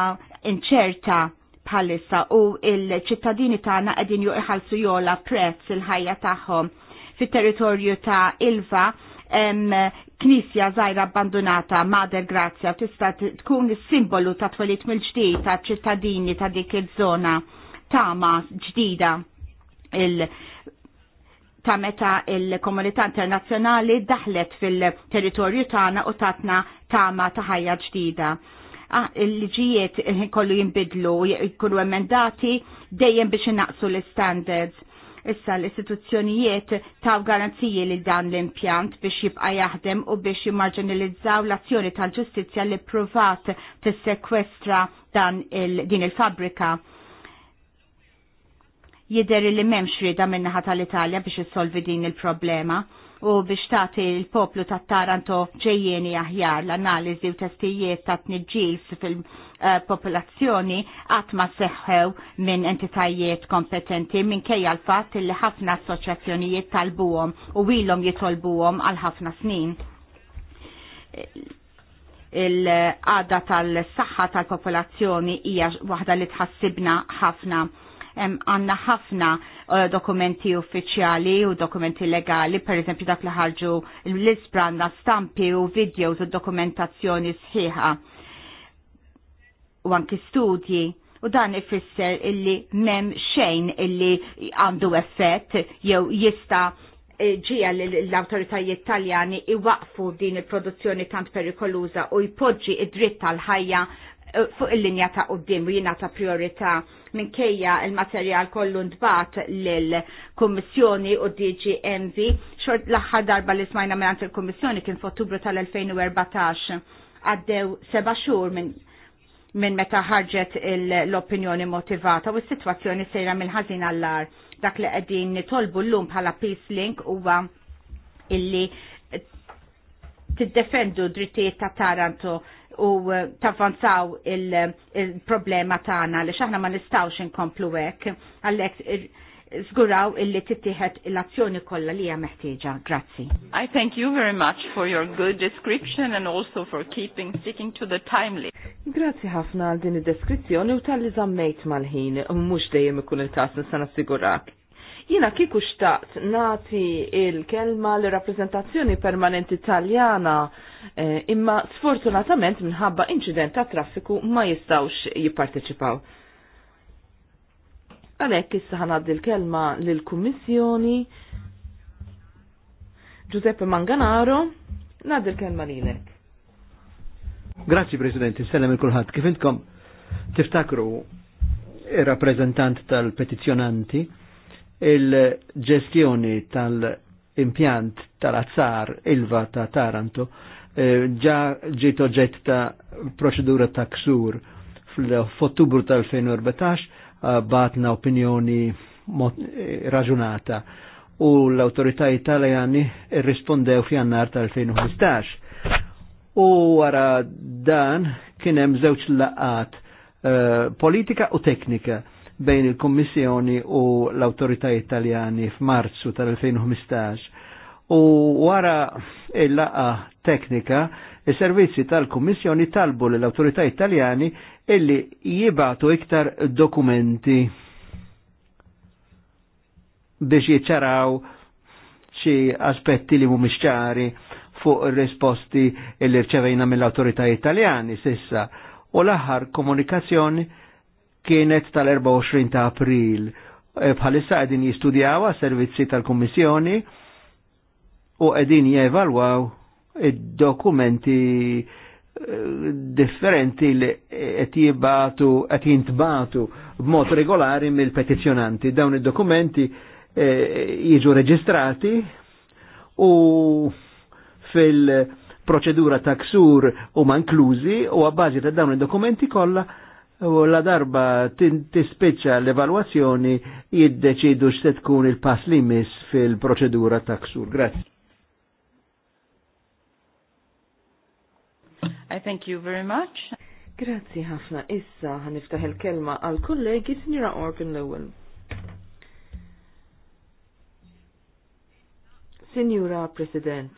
inċerta bħalissa u il-ċittadini tagħna qegħdin juqħalsu jola prezz il-ħajja tagħhom fit-territorju ta' ilva em, knisja zaħira abbandonata Mader Grazia tista tkun simbolu ta' twalit mill-ġdid ta' ċittadini ta' dik il-żona tama ġdida il- ta' meta il-komunità internazzjonali daħlet fil-territorju tagħna u tatna tama ta' ħajja ġdida. Ah, il-ġijiet kollu jimbidlu, jkunu emendati dejjem biex innaqsu l-standards. Issa l-istituzzjonijiet taw garanziji li dan l-impjant biex jibqa jaħdem u biex jimmarġinalizzaw l-azzjoni tal-ġustizja li provat tissekwestra dan il din il-fabrika Jidher li m'hemmx rieda min-naħa tal-Italja biex jissolvi din il-problema u biex tagħti l-poplu tat-Taranto ġejjeni aħjar l-analiżi u testijiet ta' tniġġis fil-popolazzjoni qatt ma seħħew minn entitajiet kompetenti minkejja l-fatt li ħafna assoċjazzjonijiet talbuhom u ilhom jitolbuhom għal ħafna snin il-għada tal-saxħa tal-popolazzjoni hija waħda li tħassibna ħafna għanna ħafna eh, dokumenti uffiċjali u dokumenti legali, per eżempju dak li ħarġu l-isbra stampi u videos u dokumentazzjoni sħiħa u anki studji u dan ifisser illi mem xejn illi għandu effett jew jista eh, ġija l-autoritajiet taljani iwaqfu din il-produzzjoni tant perikoluza u jpoġġi id-dritt tal-ħajja Eh, fuq il-linja ta' qoddim u jina ta' priorità minkejja il-materjal kollu ndbat l-Kommissjoni u DGMV. Envi xort l-aħħar darba li smajna minn il-Kommissjoni kien f'Ottubru tal-2014 għaddew seba xhur minn min meta ħarġet l-opinjoni motivata u s-sitwazzjoni sejra mill ħażin għallar dak li qegħdin nitolbu llum bħala Peace Link huwa illi tiddefendu drittijiet ta' Taranto u eh, tavvanzaw il-problema tana tagħna li xaħna ma nistawx inkomplu hekk għalhekk zguraw illi tittieħed l-azzjoni kollha li hija meħtieġa. Grazzi. I thank you very much for your good description and also for keeping sticking to the timely. Grazzi ħafna għal din id-deskrizzjoni u tal-li zammejt mal-ħin u mhux dejjem ikun il-każ nista' nassigurak. Jina kiku xtaqt nati il-kelma l-rappresentazzjoni permanenti taljana eh, imma sfortunatament minħabba incident ta' traffiku ma jistawx jipparteċipaw. Għalek issa ħanaddi l-kelma l-Kummissjoni Giuseppe Manganaro, naddi l-kelma lilek. Grazzi s-salam il-kulħat. Kif intkom tiftakru il-rappresentant tal-petizjonanti, il-ġestjoni tal-impjant tal-azzar ilva ta' Taranto eh, ġa ġiet oġġett ta' proċedura ta' ksur fl-Ottubru tal-2014 eh, batna opinjoni eh, raġunata u l-autorità italjani rispondew f'jannar tal-2015. U wara dan kien hemm żewġ laqat politika u teknika bejn il-Kommissjoni u l-Autorità Italjani f'Marzu tal-2015. U wara il-laqa teknika, il-servizzi tal-Kommissjoni talbu l-Autorità Italjani illi jibatu iktar dokumenti biex jiċċaraw xi aspetti li mhumiex ċari fuq risposti li rċevejna mill-autorità italjani sissa u l-aħħar komunikazzjoni kienet tal-24 ta' april. E, bħalissa għedin jistudjawa servizzi tal-Kommissjoni u għedin jevalwaw id-dokumenti e, differenti li qed jibatu qed jintbatu b'mod regolari mill-petizzjonanti. Dawn id-dokumenti e, jiġu reġistrati u fil- proċedura ta' ksur u manklużi u għabbażi ta' dawn id-dokumenti kollha u la darba tispiċċa l-evalwazzjoni jiddeċidu x'se tkun il-pass li miss fil-proċedura ta' ksur. Grazie. I thank you very much. Grazzi ħafna. Issa ħaniftaħ il-kelma għal kollegi Sinjora Orkin l-ewwel. Sinjura President,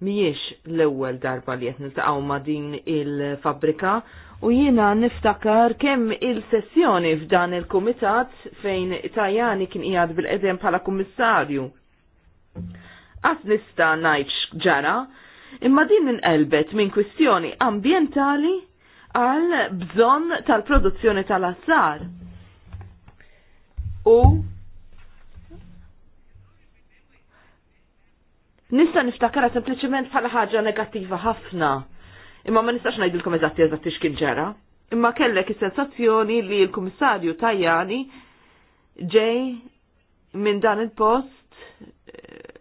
miex l-ewwel darba li qed niltaqgħu ma' din il-fabrika u jiena niftakar kemm il-sessjoni f'dan il-kumitat fejn Tajani kien qiegħed bil edem bħala kummissarju. Qatt nista' najċ ġara, imma din n-elbet minn kwistjoni ambjentali għal bżonn tal-produzzjoni tal-azzar. U nista' niftakar sempliċement bħala ħaġa negattiva ħafna Imma ma nistax ngħidilkom eżatti eżatti x'kien ġara. Imma kellek is-sensazzjoni li l-Kummissarju Tajani ġej minn dan il-post eh,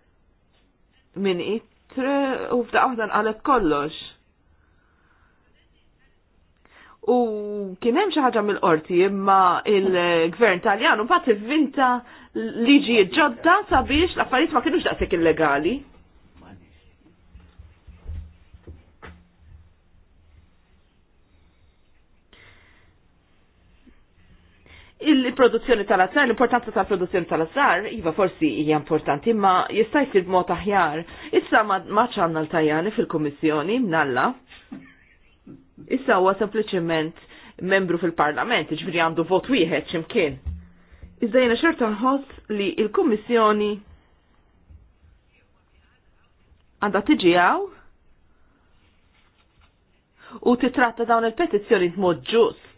minn itr u f'daqqa waħda nqalet kollox. U kien hemm xi ħaġa mill-qorti imma il-Gvern Taljan u mbagħad ivvinta liġi ġodda sabiex l-affarijiet ma kinux daqshekk illegali. il-produzzjoni tal-azzar, l-importanza tal-produzzjoni tal-azzar, iva forsi hija importanti, ma jista' jsir b'mod aħjar. Issa ma ċanna l-tajani fil-Kummissjoni mnalla. Issa huwa sempliċement membru fil-Parlament, ġifieri għandu vot wieħed x'imkien. Iżda jiena xorta nħoss li l-Kummissjoni għandha tiġi u titratta dawn il-petizzjoni b'mod ġust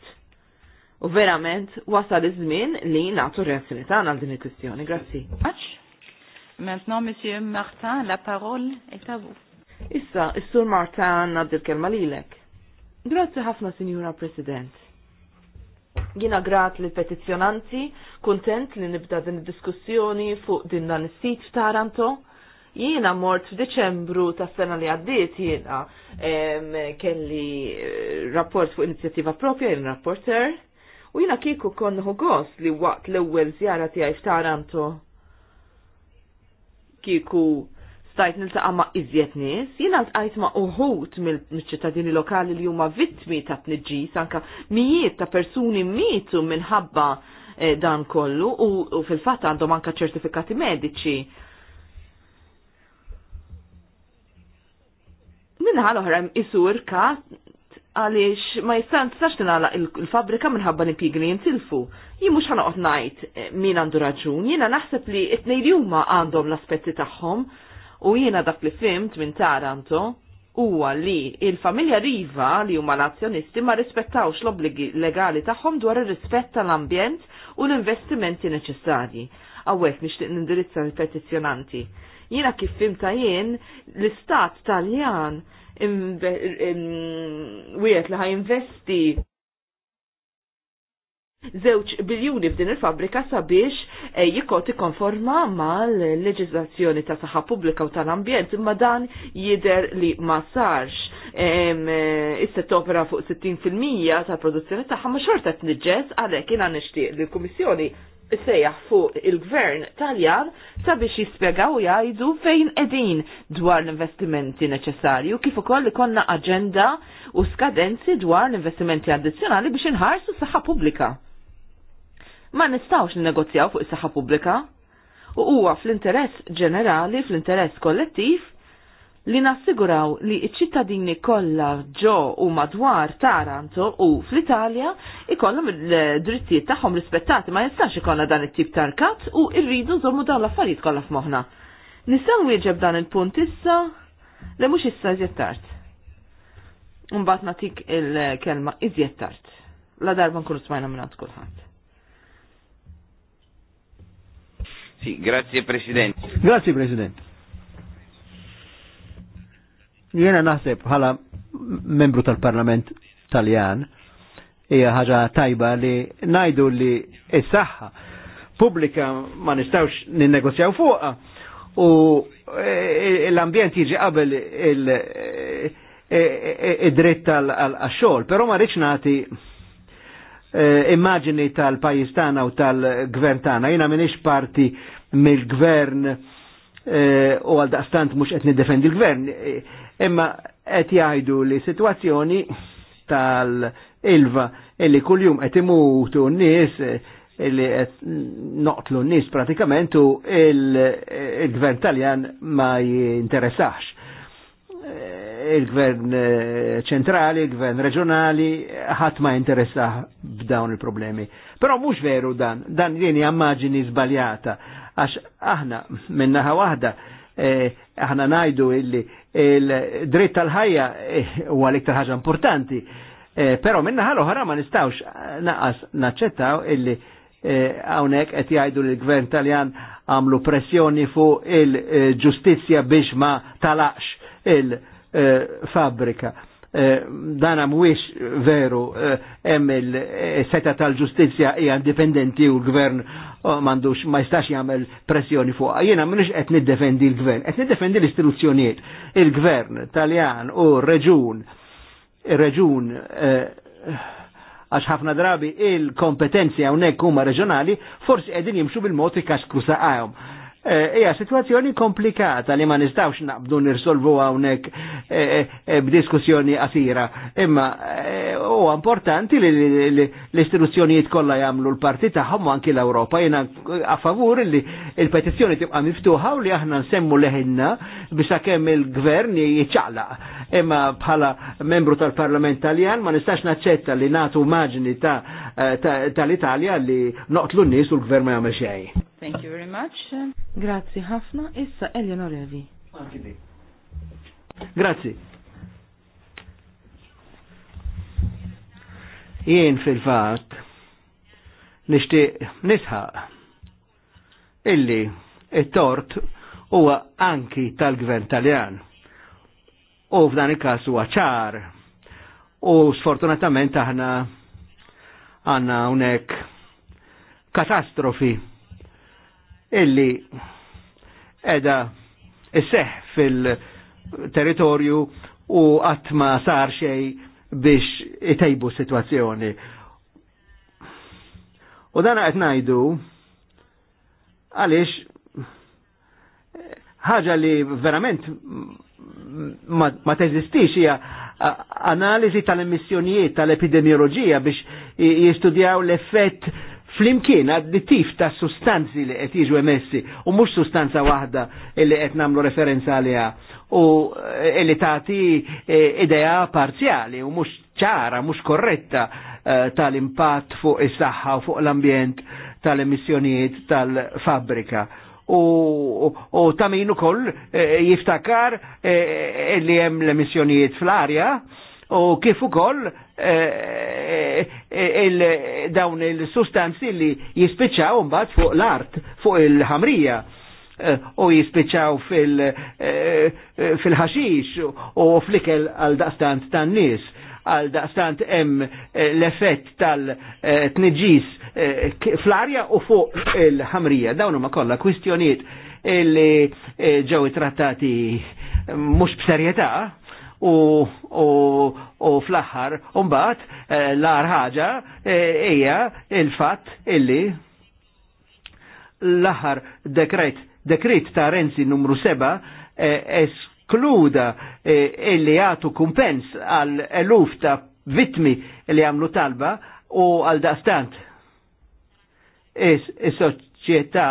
U verament wasal iż-żmien li nagħtu reazzjoni tagħna għal din il-kwistjoni. Grazzi. Maintenant, Monsieur Martin, la parole est à vous. Issa, is-Sur Martin naddir kelma lilek. Grazzi ħafna, Signora President. Jina grat li petizjonanti, kontent li nibda din diskussjoni fuq din dan is-sit f'Taranto. Jiena mort f'Deċembru ta' sena li għaddiet jiena kelli eh, rapport fuq inizjattiva propja, jien rapporter u jina kieku konħu gos li waqt l-ewwel zjara tiegħi f'Taranto. Kieku stajt niltaqa' ma' iżjed nies, jiena tajt ma' uħut mil ċittadini lokali li huma vittmi ta' t-nġi, sanka mijiet ta' persuni mietu minħabba eh, dan kollu u fil-fatt għandhom anka ċertifikati mediċi Minna l-oħra isur ka għaliex ma jistan tistax tinala il-fabrika minħabba nipieg li jintilfu. Jien mhux ħanoqgħod ngħid eh, min għandu raġun, jiena naħseb li t-tnejn huma għandhom l-aspetti tagħhom u jiena dak li fimt minn Taranto huwa li il-familja Riva li huma l-azzjonisti ma rispettawx l-obbligi legali tagħhom dwar ir-rispett tal-ambjent u l-investimenti neċessarji. Għawek nixtieq nindirizza l-petizzjonanti. Jiena kif fimta jien l-istat Taljan wieħed li ħajinvesti zewċ biljuni f'din il-fabrika sabiex eh, jikoti konforma mal leġizlazzjoni ta' saħħa pubblika u tal-ambjent imma dan jider li ma sarx eh, issa t-opera fuq 60% ta' produzzjoni tagħha ma xorta tniġġes għalhekk jiena nixtieq li l-Kummissjoni sejjaħ fuq il-gvern taljan sabiex jispjegaw jgħidu fejn edin dwar l-investimenti neċessarju kif ukoll li konna aġenda u skadenzi dwar l-investimenti addizzjonali biex inħarsu s-saħħa pubblika. Ma nistawx negozjaw fuq is-saħħa pubblika u huwa fl-interess ġenerali, fl-interess kollettiv li nassiguraw li iċ-ċittadini kollha ġo u madwar Taranto u fl-Italja ikollhom id drittijiet tagħhom rispettati ma jistax ikollna dan it-tip tarkat u rridu nżommu dawn l-affarijiet kollha f'moħħna. Nistgħu wieġeb dan il-punt issa li mhux issa iżjed tard. Mbagħad nagħtik il-kelma iżjed tard. La darba nkunu smajna minn kulħadd. grazie Presidente. Grazie Presidente. Jiena naħseb bħala membru tal-Parlament Taljan hija ħaġa tajba li najdu li s-saħħa pubblika ma nistawx ninnegozjaw fuqha u e, e, l-ambjent jiġi qabel e, id-dritt tal-xogħol, però ma rridx nagħti immaġini tal-pajistana u tal-gvern Jina minix parti mill-gvern u għal daqstant mux etni defendi l-gvern imma qed jgħidu li situazzjoni tal-ilva illi kuljum qed imutu n-nies illi qed noqtlu n-nies pratikament u il-gvern Taljan ma jinteressax. Il-gvern eh, ċentrali, il-gvern reġjonali ħadd ma jinteressax b'dawn il-problemi. Però mhux veru dan, dan jieni immaġini żbaljata għax aħna minnaħa waħda eh, aħna najdu illi il-dritt tal-ħajja eh, huwa l-iktar ħaġa importanti. Eh, però minna ħal oħra ma nistawx eh, naqas naċċettaw illi hawnhekk qed jgħidu li l-Gvern Taljan għamlu pressjoni fuq il-ġustizzja biex ma talaqx il-fabrika. Eh, dana mwix veru eh, hemm il-seta eh, tal-ġustizja hija indipendenti u l-gvern oh, mandux ma jistax jagħmel pressjoni fuq. Jiena m'iniex qed niddefendi l-gvern, qed niddefendi l-istituzzjonijiet. Il-gvern Taljan u reġun reġun għax ħafna drabi il-kompetenzi hawnhekk huma reġjonali forsi qegħdin jimxu bil-mod ikaxkru saqajhom Eh, eja, situazzjoni komplikata li ma nistawx naqbdu nirsolvu għawnek eh, eh, b'diskussjoni qasira. Imma u importanti li l-istituzzjonijiet kollha jagħmlu l-parti u anki l europa jiena a favur li l-petizzjoni tibqa' miftuħa u li aħna nsemmu leħinna bisa kemm il-gvern jiċċaqlaq. Imma bħala membru tal-Parlament Taljan ma nistax naċċetta li natu maġni tal-Italja li noqtlu n-nies u l-gvern ma jagħmel xejn. Thank you very much. Grazzi ħafna. Issa Eleanor Evi. Grazzi. Jien fil-fat nishti nisħa illi it-tort huwa anki tal-gvern taljan. U f'dan il-każ huwa ċar. U sfortunatament aħna għanna hawnhekk katastrofi illi edha isseħ fil-territorju u għatma sar xej biex itejbu situazzjoni. U dan għet najdu għalix ħaġa li verament ma, ma teżistix hija analiżi tal-emissjonijiet tal-epidemioloġija biex jistudjaw l-effett flimkien additif ta' sustanzi li qed jiġu emessi u mhux sustanza waħda li qed nagħmlu referenza għaliha u eh, li tagħti eh, idea parzjali u mhux ċara, mhux korretta eh, tal-impatt fuq is-saħħa u fuq l-ambjent tal-emissjonijiet tal-fabbrika. U, u tamin ukoll jiftakar li hemm l-emissjonijiet fl-arja u kif ukoll Eh, eh, eh, dawn il-sustanzi li jispiċċaw mbagħad fuq l-art, fuq il-ħamrija u jispiċaw fil-ħaxix u flikel għal daqstant tan nis għal daqstant hemm l-effett tal-tniġis fl-arja u fuq il-ħamrija. Dawn huma kollha kwistjonijiet li ġew trattati mhux b'serjetà u, fl-aħħar mbagħad eh, l-ar ħaġa eh, hija il-fatt illi l-aħħar dekret dekret ta' Renzi numru 7 eh, eskluda illi għatu kumpens għal eluf ta' vittmi li għamlu talba u għal daqstant is-soċjetà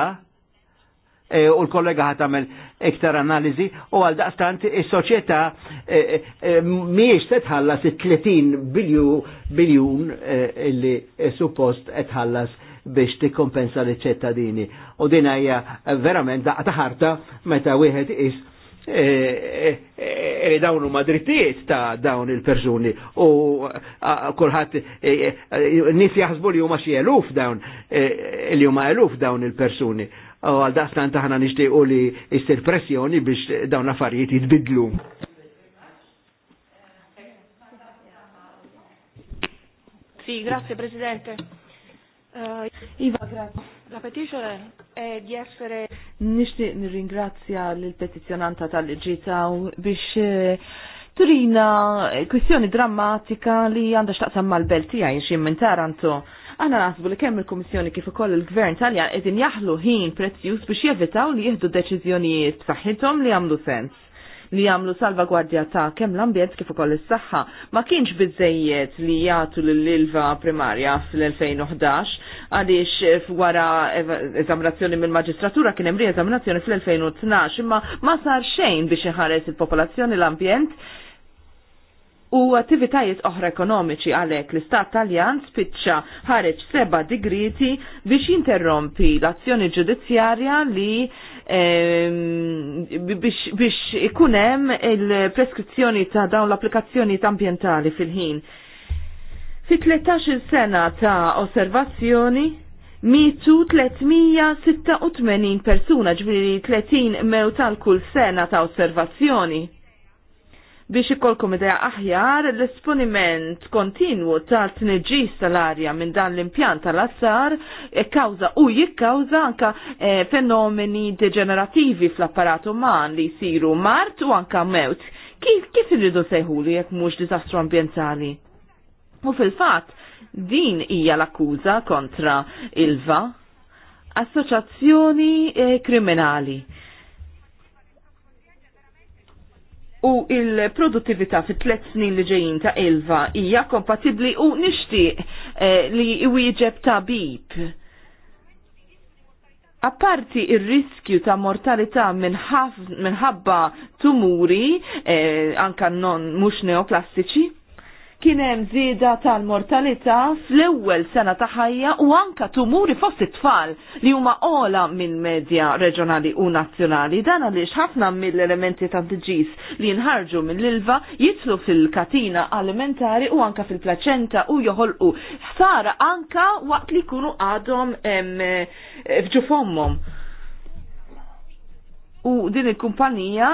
Eh, u l-kollega ħatamel iktar analizi u għal daqstant il-soċieta eh, eh, miex setħallas 30 biljun illi suppost etħallas biex tikkompensa li ċettadini U din hija verament daqqa taħarta meta wieħed is li dawn huma drittijiet ta' dawn il-persuni u kulħadd nies jaħsbu li huma xi eluf dawn li huma eluf dawn il-persuni. il persuni u għal daqstan taħna nishtiqu li jistir pressjoni biex dawn affarijiet jitbidlu. Sì, grazie Presidente. Uh, iva, grazie. La petitioner è di essere... Nishtiq nirringrazzja l-petizjonanta tal-ġita biex eh, turina kwestjoni drammatika li għandha xtaqsam mal-belt tiegħi xi minn Taranto Għana nasbu li kemm il-Kummissjoni kif ukoll il-Gvern Talja qegħdin jaħlu ħin prezzjuż biex jevitaw li jieħdu deċiżjonijiet b'saħħithom li jagħmlu sens li jagħmlu salvagwardja ta' kemm l-ambjent kif ukoll is-saħħa ma kienx biżejjed li jagħtu lill-ilva primarja fl-2011 għaliex wara eżaminazzjoni mill-Maġistratura kien hemm eżamrazzjoni fl-2012 imma ma sar xejn biex iħares il-popolazzjoni l-ambjent u attivitajiet oħra ekonomiċi għalhekk l-Istat Taljan spiċċa ħareġ seba' digriti biex jinterrompi l-azzjoni ġudizzjarja li ehm, biex ikun hemm il-preskrizzjoni ta' dawn l-applikazzjoni ambjentali fil-ħin. Fi 13 sena ta' osservazzjoni mitu 386 persuna ġbiri 30 mew tal kull sena ta' osservazzjoni biex ikolkom idea aħjar l-esponiment kontinwu tal-tneġis tal-arja minn dan l-impjant tal-azzar e kawza u jikkawza anka e, fenomeni degenerativi fl-apparat uman li jisiru mart u anka mewt. Kif, kif irridu seħuli jekk mhux diżastru ambientali? U fil-fatt, din hija l-akkuża kontra Ilva, assoċazzjoni e, kriminali. u il-produttività fit tlet snin li ġejjin ta' Elva hija kompatibbli u nixtieq eh, li wieġeb tabib. Apparti ir-riskju ta' mortalità minħabba tumuri eh, anka non mhux neoplastiċi, kien hemm tal-mortalità fl-ewwel sena ta' ħajja u anka tumuri fost it-tfal li huma ola minn medja reġjonali u nazzjonali. Dan għaliex ħafna mill-elementi ta' diġis li nħarġu mill-ilva jitlu fil-katina alimentari u anka fil-plaċenta u joħolqu ħsara anka waqt li jkunu għadhom eh, fġufommhom u din il-kumpanija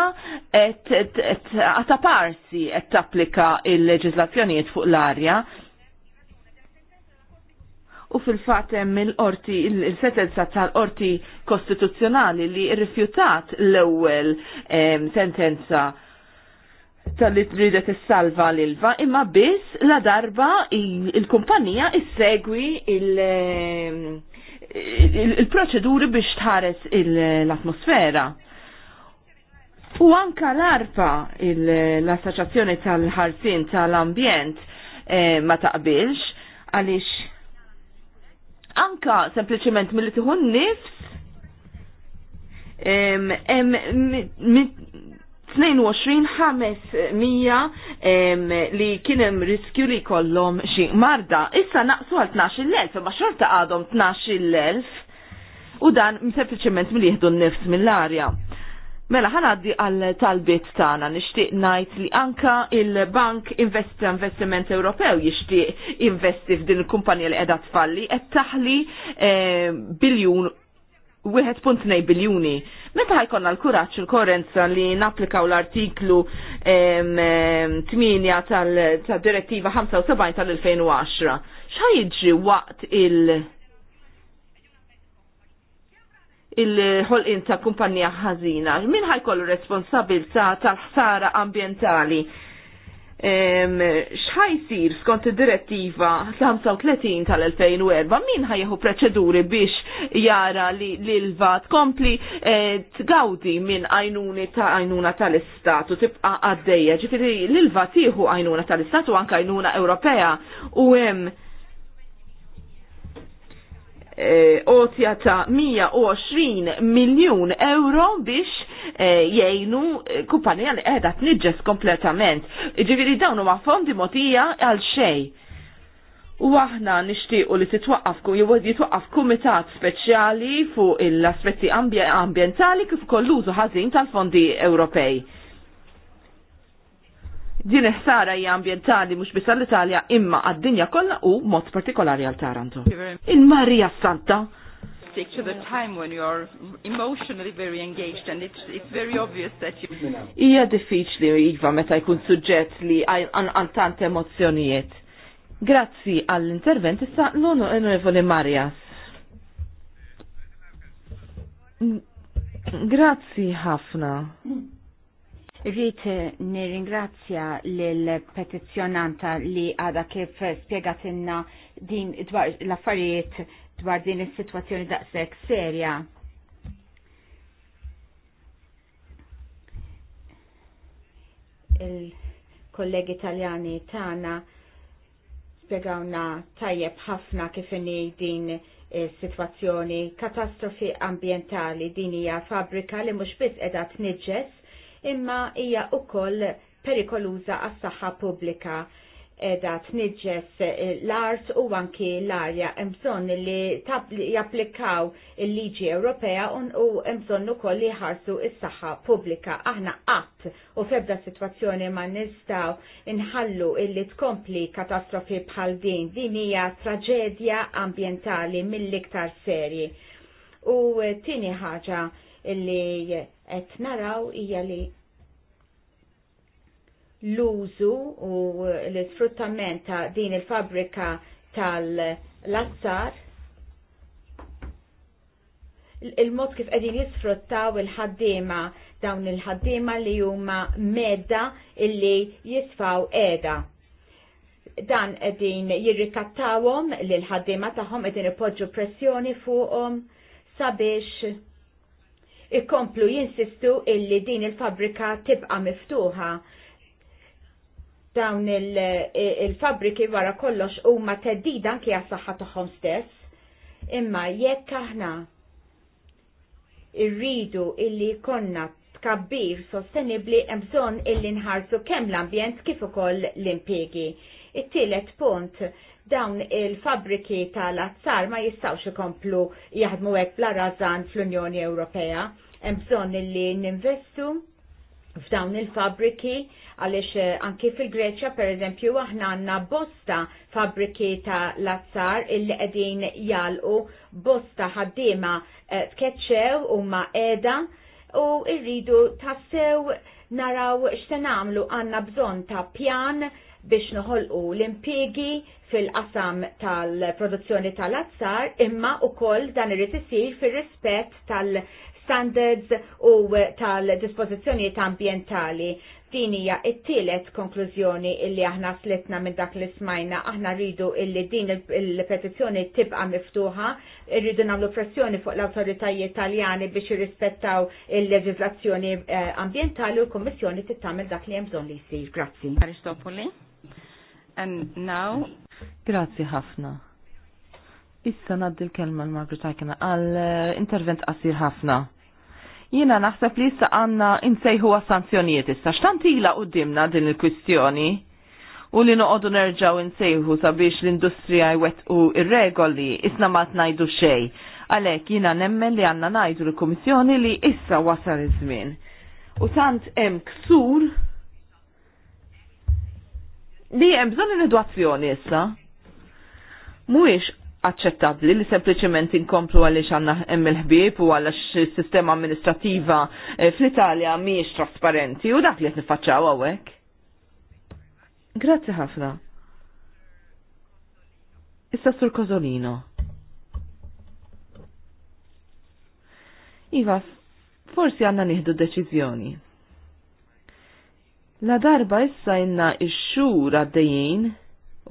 għata parsi qed tapplika il-leġislazzjonijiet fuq l-arja. U fil-fat hemm il-qorti il-sentenza tal-qorti kostituzzjonali li rrifjutat l-ewwel sentenza tal-li tridet salva l-ilva imma biss la darba il-kumpanija issegwi il-proċeduri biex tħares l-atmosfera U anka l-arpa, l-Assoċjazzjoni tal-ħarsin tal-ambjent, eh, ma taqbilx, għalix anka sempliciment mill-li tiħun nifs, em, em, mit, 22 li kienem riskju li kollom xi marda. Issa naqsu għal 12.000, ma xorta għadhom 12.000 u dan sempliciment mill jihdu n-nifs mill-arja. Mela ħanaddi għal talbiet tagħna nixtieq ngħid li anka il-Bank Investi Investiment Ewropew jixtieq investi f'din il-kumpanija li qiegħda tfalli qed taħli eh, biljun 1.2 biljuni. Meta ħajkonna l-kuraċ il-korenza li naplikaw l-artiklu 8 tal-direttiva 75 tal-2010, xħajġi waqt il- il-ħolqin ta' kumpanija ħażina. Min ħajkollu responsabilta tal-ħsara ambientali? X'ħajsir skont id-direttiva 35 tal-2004 min ħajjeħu preċeduri biex jara li l-vat kompli e, gawdi minn għajnuni ta' għajnuna tal-istat u tibqa' għaddejja. ġifiri l-vat jieħu għajnuna tal-istat u anke għajnuna Ewropea u hemm otja ta' 120 miljun euro biex eh, jgħinu eh, kumpanija li qiegħda tniġġes kompletament. Ġifieri dawn huma fondi motija għal xejn. U aħna nixtiequ li titwaqqafku jew jitwaqqaf kumitat speċjali fuq l-aspetti ambjentali kif kollużu ħażin tal-fondi Ewropej Din is-sara hija ambjentali mhux biss għall-Italja imma għad-dinja kollha u mod partikolari għal Taranto. Il-Marija Santa stick to the time when you're emotionally very engaged and it's, it's very obvious that you... Ija diffiċli, Iva, meta jkun suġġett li għantant emozjonijiet. Grazzi għall-intervent, issa l-unu onorevoli Marjas. Grazzi ħafna. Rrit nirringrazzja l-petizjonanta li għada kif spiegatinna din dwar l-affarijiet dwar din is-sitwazzjoni daqshekk serja. Il-kollegi italjani tagħna spiegawna tajjeb ħafna kif inni din is-sitwazzjoni katastrofi ambjentali din hija fabrika li mhux biss qiegħda tniġġes imma hija wkoll perikoluża għas-saħħa pubblika edha tniġġes eh, l-art u anki l-arja imson li japplikaw il-liġi Ewropea u imson u koll jħarsu il-saxħa publika. Aħna qatt u febda situazzjoni ma nistaw inħallu illi tkompli katastrofi bħal din. Din hija traġedja ambientali mill-iktar serji. U eh, tini ħaġa illi qed naraw hija li l-użu u l-sfruttament ta' din il-fabrika tal-azzar il-mod kif qegħdin jisfruttaw il-ħaddiema dawn il-ħaddiema li huma medda illi jisfaw qiegħda. Dan qegħdin jirrikattawhom lil ħaddiema tagħhom qegħdin ipoġġu pressjoni fuqhom sabiex ikomplu jinsistu illi din il-fabrika tibqa miftuħa dawn il-fabriki wara kollox huma teddida anki għas-saħħa tagħhom stess. Imma jekk aħna irridu illi konna tkabbir sostenibli hemm bżonn illi nħarsu kemm l-ambjent kif ukoll l impiegi It-tielet punt dawn il-fabriki tal-azzar ma jistawx ikomplu jaħdmu hekk bla razan fl-Unjoni Ewropea. Hemm bżonn li ninvestu f'dawn il-fabriki għaliex eh, anki fil-Greċja per eżempju aħna għandna bosta fabriki tal-azzar illi qegħdin jalqu bosta ħaddiema eh, tkeċċew u ma' qiegħda u rridu tassew naraw x'se nagħmlu għandna bżonn ta' pjan biex noħolqu l-impiegi fil-qasam tal-produzzjoni tal-azzar imma u koll dan irrid isir fil-rispett tal-standards u tal-dispożizzjonijiet ambientali. Din hija t-tielet konklużjoni illi aħna slitna minn dak li smajna. Aħna rridu illi din il-petizzjoni tibqa' miftuħa, rridu nagħmlu pressjoni fuq l-awtoritajiet Taljani biex irrispettaw il-leġiżlazzjoni eh, ambjentali u l-Kummissjoni tittamel dak li hemm bżonn li jsir. Grazzi. And now? Grazzi ħafna. Issa naddi l-kelma l-Margaret Aikena għal eh, intervent qasir ħafna. Jiena naħseb li issa għanna insejħu għas-sanzjonijiet issa. Xtant ila qudiemna din il-kwistjoni? U li noqogħdu nerġgħu insejħu sabiex l-industrija jwettqu ir-regoli, isna ma tnajdu xejn. Għalhekk jiena nemmen li għandna ngħidu l-Kummissjoni li issa wasal iż-żmien. U tant hemm ksur li hemm bżonn individwazzjoni issa. Mhuwiex aċċettabbli li sempliciment inkomplu għaliex għandna hemm il-ħbieb u għaliex is sistema amministrativa eh, fl-Italja mhijiex trasparenti u dak li qed nifaċċaw hawnhekk. Grazzi ħafna. Issa sur Kozolino. Iva, forsi għanna nieħdu deċiżjoni. La darba issa jenna ix-xur għaddejjin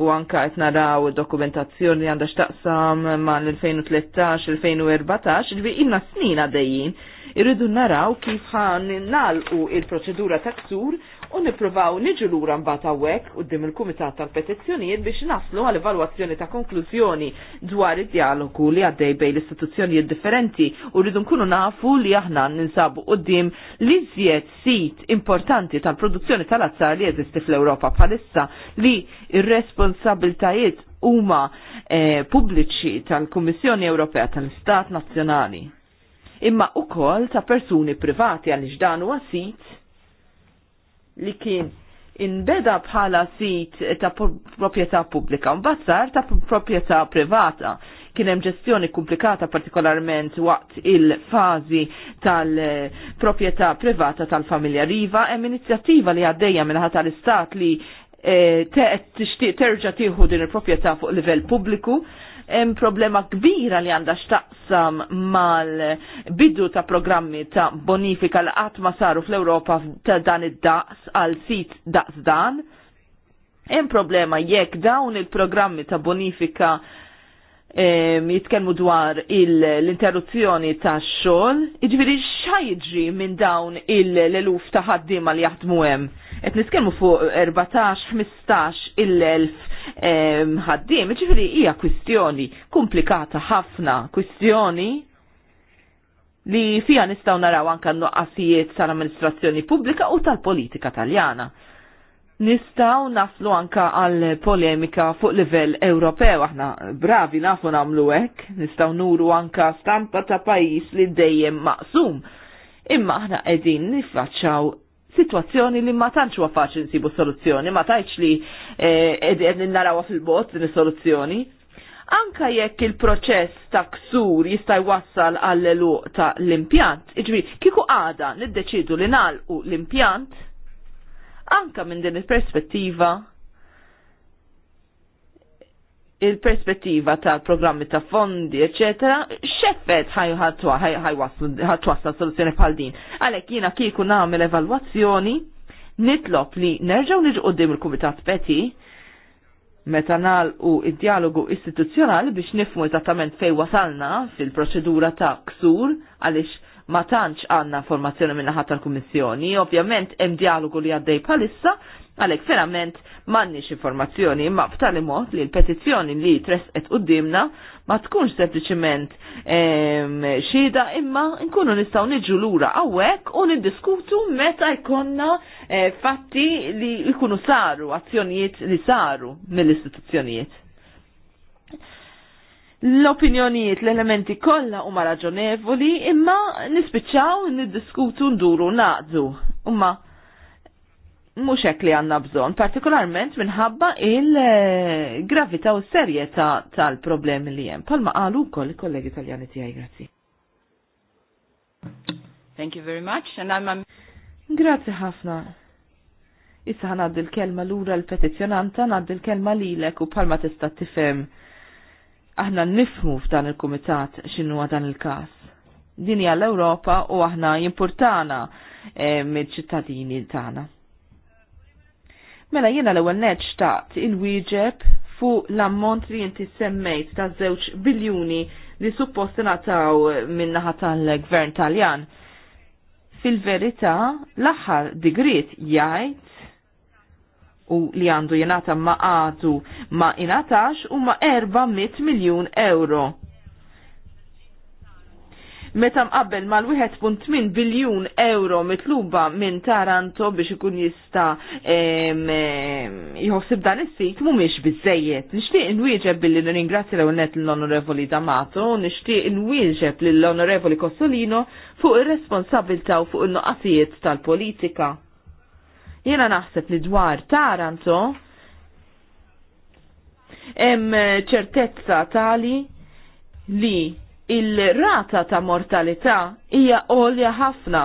u anka qed naraw dokumentazzjoni għandha x'taqsam mal 2013-2014, ġbi inna snin għaddejjin, irridu naraw kif ħan nalqu il-proċedura ta' ksur u nippruvaw niġu lura mbagħad hawnhekk quddiem il-Kumitat tal-Petizzjonijiet biex naslu għal evalwazzjoni ta' konklużjoni dwar id-dialogu li għaddej bejn l-istituzzjonijiet differenti u rridu nkunu nafu li aħna ninsabu quddiem li żjed sit importanti tal-produzzjoni tal-azzar li jeżisti fl-Ewropa bħalissa li ir-responsabiltajiet huma eh, pubbliċi tal-Kummissjoni Ewropea tal-Istat Nazzjonali imma u ta' persuni privati għal dan huwa sit li kien inbeda bħala sit ta' proprjetà pubblika, mbagħad sar ta' proprjetà privata. Kien hemm ġestjoni komplikata partikolarment waqt il-fażi tal-proprjetà privata tal-familja Riva, hemm inizjattiva li għaddejja minħata tal-istat li eh, tixtieq terġa' tieħu din il-proprjetà fuq livell pubbliku hemm problema kbira li għandha x'taqsam mal-bidu ta' programmi ta' bonifika li qatt ma saru fl-Ewropa ta' dan id-daqs għal sit daqs dan. Hemm problema jekk dawn il-programmi ta' bonifika jitkellmu dwar l-interruzzjoni ta' xogħol, jiġifieri xajġi minn dawn il-eluf ta' ħaddiema li jaħdmu hemm. Qed nitkellmu fuq 14-15 il-elf ħaddiem, ġifiri hija kwistjoni komplikata ħafna, kwistjoni li fija nistaw naraw anka nuqqasijiet tal-amministrazzjoni pubblika u tal-politika taljana. Nistaw naslu anka għal polemika fuq livell Ewropew, aħna bravi nafu namlu hekk, nistaw nuru anka stampa ta' pajis li dejjem maqsum. Imma aħna qegħdin nifaċċaw situazzjoni li ma tantx huwa faċli nsibu soluzzjoni, ma tajtx li qegħdin eh, narawha fil-bot din is-soluzzjoni. Anka jekk il-proċess ta' ksur jista' jwassal għall eluq ta' l-impjant, iġbiri, kieku għada niddeċidu li nalqu l-impjant, anka minn din il-perspettiva, il-perspettiva tal-programmi ta' fondi, eccetera, xeffet ħajwaslu soluzzjoni bħal din. Għalek jina kiku namel evalwazzjoni, nitlop li nerġaw niġu il-Kumitat Peti, meta nalqu id-dialogu istituzzjonali biex nifmu eżattament fej wasalna fil-proċedura ta' ksur għaliex ma tantx għandna informazzjoni minn naħat tal-Kummissjoni. Ovvjament hemm dialogu li għaddej bħalissa Għalek verament m'għandniex informazzjoni imma b'tali mod li l-petizzjoni li tresqet qudiemna ma tkunx sempliċement ehm, xhieda imma nkunu nistgħu niġu lura għawek u niddiskutu meta jkollna eh, fatti li jkunu saru, azzjonijiet li saru mill-istituzzjonijiet l-opinjonijiet, l-elementi kollha huma raġonevoli, imma nispiċċaw niddiskutu nduru naqdu. Imma mux hekk li għanna bżon, partikolarment minħabba il-gravita u serjeta tal-problemi li jem. Palma għalu kol kollegi taljani tijaj, grazi. Thank you very much, and I'm a... Grazzi ħafna. Issa ħan għaddi l-kelma l-ura l-petizjonanta, għaddi l-kelma li l-ek u palma tista tifem. Aħna nifmu f'dan il-komitat xinu għadan il-kas. Dini l europa u aħna jimportana eh, mid-ċittadini tagħna. Mela jiena l-ewwel neġ taqt il-wieġeb fuq l-ammont li inti semmejt ta' żewġ biljuni li suppost nataw naħa tal-gvern Taljan. Fil-verità, l-aħħar digrit jgħid u li għandu jenata ma għadu ma inatax u ma 400 miljon euro meta mqabbel mal-1.8 biljun euro mitluba minn Taranto biex ikun jista jħossib dan is-sit mhumiex biżejjed. Nixtieq inwieġeb billi nirringrazzja l net l-Onorevoli D'Amato, nixtieq inwieġeb lill-Onorevoli Cossolino fuq ir-responsabilità u fuq in-noqasijiet tal-politika. Jiena naħseb li dwar Taranto hemm ċertezza tali li il-rata ta' mortalità hija għolja ħafna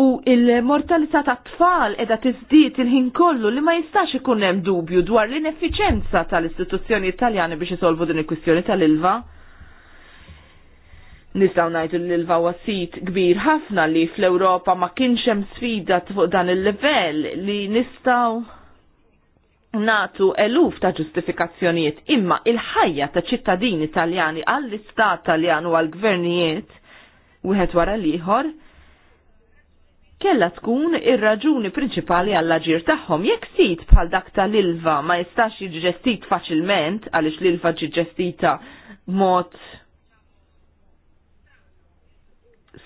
u il-mortalità ta' tfal edha tiżdied il-ħin kollu li ma jistax ikun hemm dubju dwar l-ineffiċenza tal-istituzzjoni Italjani biex isolvu din il-kwistjoni tal-ilva. Nistaw najdu l-ilva wasit kbir ħafna li fl-Europa ma kienx hemm sfida fuq dan il-livell li nistaw natu eluf ta' ġustifikazzjonijiet imma il-ħajja ta' ċittadini taljani għall-istat taljan u għall-gvernijiet wieħed wara l-ieħor kella tkun ir-raġuni prinċipali għall-aġir tagħhom jekk sit bħal dak tal-ilva ma jistax jiġi ġestit faċilment għaliex l-ilva ġi ġestita mod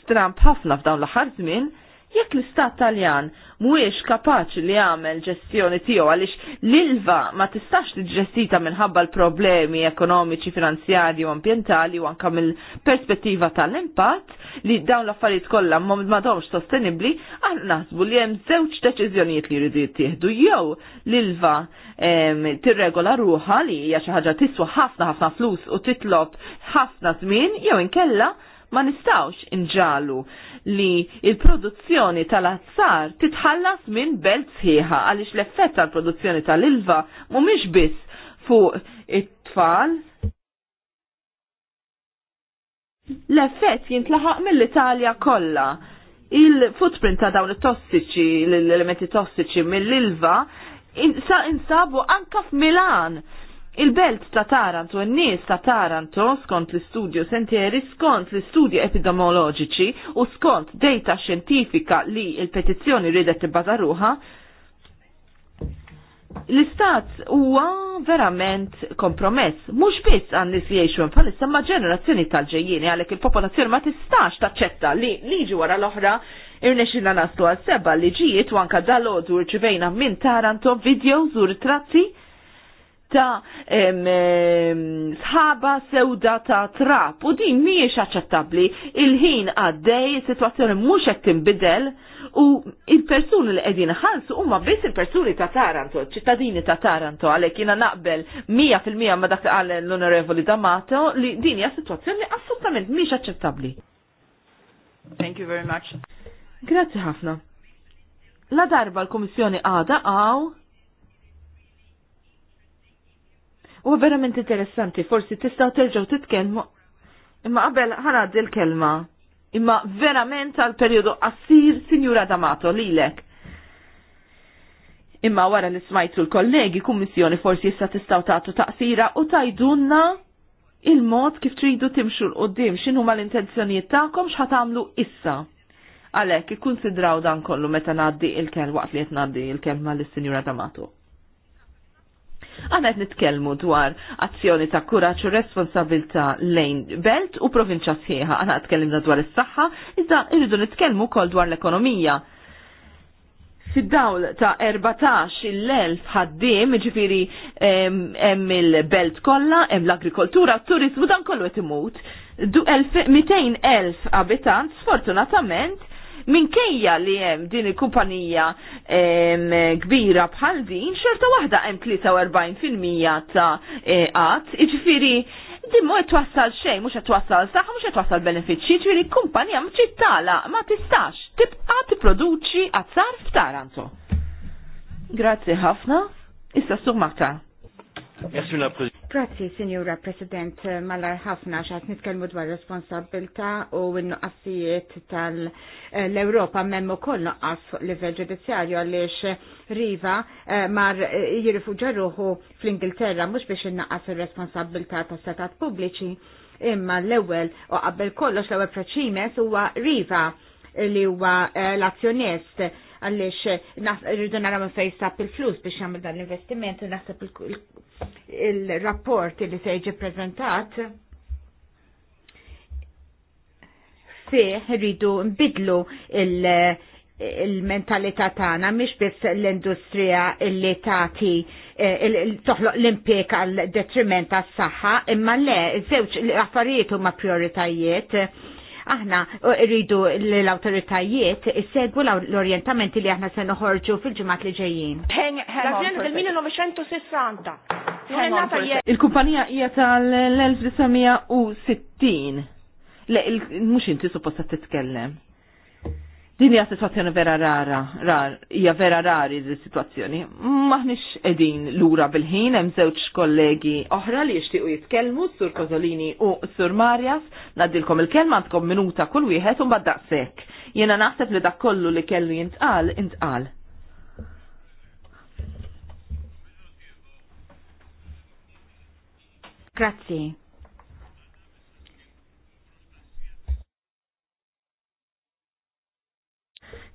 stramp ħafna f'dawn l-aħħar żmien, Jekk l-Istat Taljan mhuwiex kapaċi li jagħmel ġestjoni tiegħu għaliex l-ilva ma tistax tiġġestita minħabba l-problemi ekonomiċi, finanzjarji u ambjentali u anke mill-perspettiva tal-impatt li dawn l-affarijiet kollha m'għadhomx sostenibbli, aħna naħsbu li hemm żewġ deċiżjonijiet li jridu jittieħdu jew l-ilva tirregola ruħa li hija xi ħaġa tiswa ħafna ħafna flus u titlob ħafna żmien jew inkella ma nistawx inġalu li il-produzzjoni tal-azzar titħallas minn belt sħiħa għaliex l-effett tal-produzzjoni tal-ilva mhumiex biss fuq it-tfal. L-effett jintlaħaq mill-Italja kollha. Il-footprint ta' dawn it-tossiċi, l-elementi tossiċi mill-ilva insabu anka f'Milan Il-belt ta' Taranto, n-nies ta' Taranto, skont l-istudju sentieri, skont l-istudju epidemiologiċi u skont data xjentifika li il-petizzjoni ridet tibbaza ruħa, l-istat huwa verament kompromess. Mhux biss għan nies jgħixu bħalissa ma' ġenerazzjoni tal ġejjini għalhekk il-popolazzjoni ma tistax taċċetta li liġi wara l-oħra irnexxina nastu għal seba' liġijiet u anke dal-għodu rċivejna minn Taranto videos u ritratti ta' sħaba sewda ta' trap u din mhijiex aċċettabbli il-ħin għaddej is-sitwazzjoni mhux qed tinbidel u il-persuni li qegħdin ħalsu huma biss il-persuni ta' Taranto, ċittadini ta' Taranto għalhekk jiena naqbel 100% ma' dak qal l-Onorevoli D'Amato li din hija sitwazzjoni assolutament mhijiex aċċettabbli. Thank you very much. Grazzi ħafna. La darba l-Kummissjoni għada għaw U verament interessanti, forsi tistaw terġaw titkelmu. Imma qabel ħanad il-kelma. Imma verament għal periodu qasir Sinjura Damato lilek. Imma wara li smajtu l-kollegi kummissjoni forsi jista tistaw tagħtu taqsira u tajdunna il-mod kif tridu timxu l-qoddim ma l-intenzjonijiet taqom x'ħatamlu issa. Għalhekk ikkunsidraw dan kollu meta ngħaddi il kel waqt li qed ngħaddi kel kelma lis-Sinjura Damato. Aħna qed nitkellmu dwar azzjoni ta' kuraġġ u responsabilità lejn belt u provinċja sħiħa. Aħna tkellimna dwar is-saħħa, iżda irridu nitkellmu wkoll dwar l-ekonomija. Fid-dawl ta' 14 14.000 ħaddiem, ġifiri hemm il-belt kollha, hemm l-agrikoltura, t-turizmu dan kollu qed imut. Du 1200 abitant, sfortunatament, minkejja li hemm din il-kumpanija kbira bħal din, xorta waħda hemm 43% ta' qatt, e, jiġifieri din mu twassal xej, mhux qed twassal saħħa, mhux qed twassal benefiċċji, kumpanija mhux tala, ma tistax tibqa' tipproduċi azzar f'Taranto. Grazzi ħafna. Issa s-summa ta' Grazie, Signora President, malar ħafna xaħt nitkelmu dwar responsabilta u n-nuqqassijiet tal-Europa memmu koll nuqqas fuq livell ġudizzjarju għaliex riva eh, mar eh, jirifu ruħu fl-Ingilterra mux biex n-nuqqas responsabilta ta' setat pubbliċi imma l-ewel u qabel kollox l-ewel preċimes huwa riva li huwa eh, l-azzjonist għaliex rridu nara minn fejn sab il-flus biex jagħmel dan l-investiment naħseb il-rapport li se jiġi preżentat fih rridu nbidlu il- il-mentalità tagħna mhix biss l-industrija li tagħti eh, toħloq l-impjeg għal detriment għas-saħħa, imma le, żewġ affarijiet huma prioritajiet aħna rridu l-autoritajiet segwu l-orientamenti li aħna se noħorġu fil-ġimgħat li ġejjin. 1960 Il-kumpanija hija tal-1960. Le, mhux inti supposta titkellem. Din hija sitwazzjoni vera rara, rar, hija vera rari di situazzjoni. Maħniex edin lura bil-ħin, hemm żewġ kollegi oħra li jixtiequ jitkellmu, Sur Kozolini u Sur Marjas, nadilkom il-kelma għandkom minuta kull wieħed u mbagħad daqshekk. Jiena naħseb li dak kollu li kellu jintqal, intqal. Grazzi.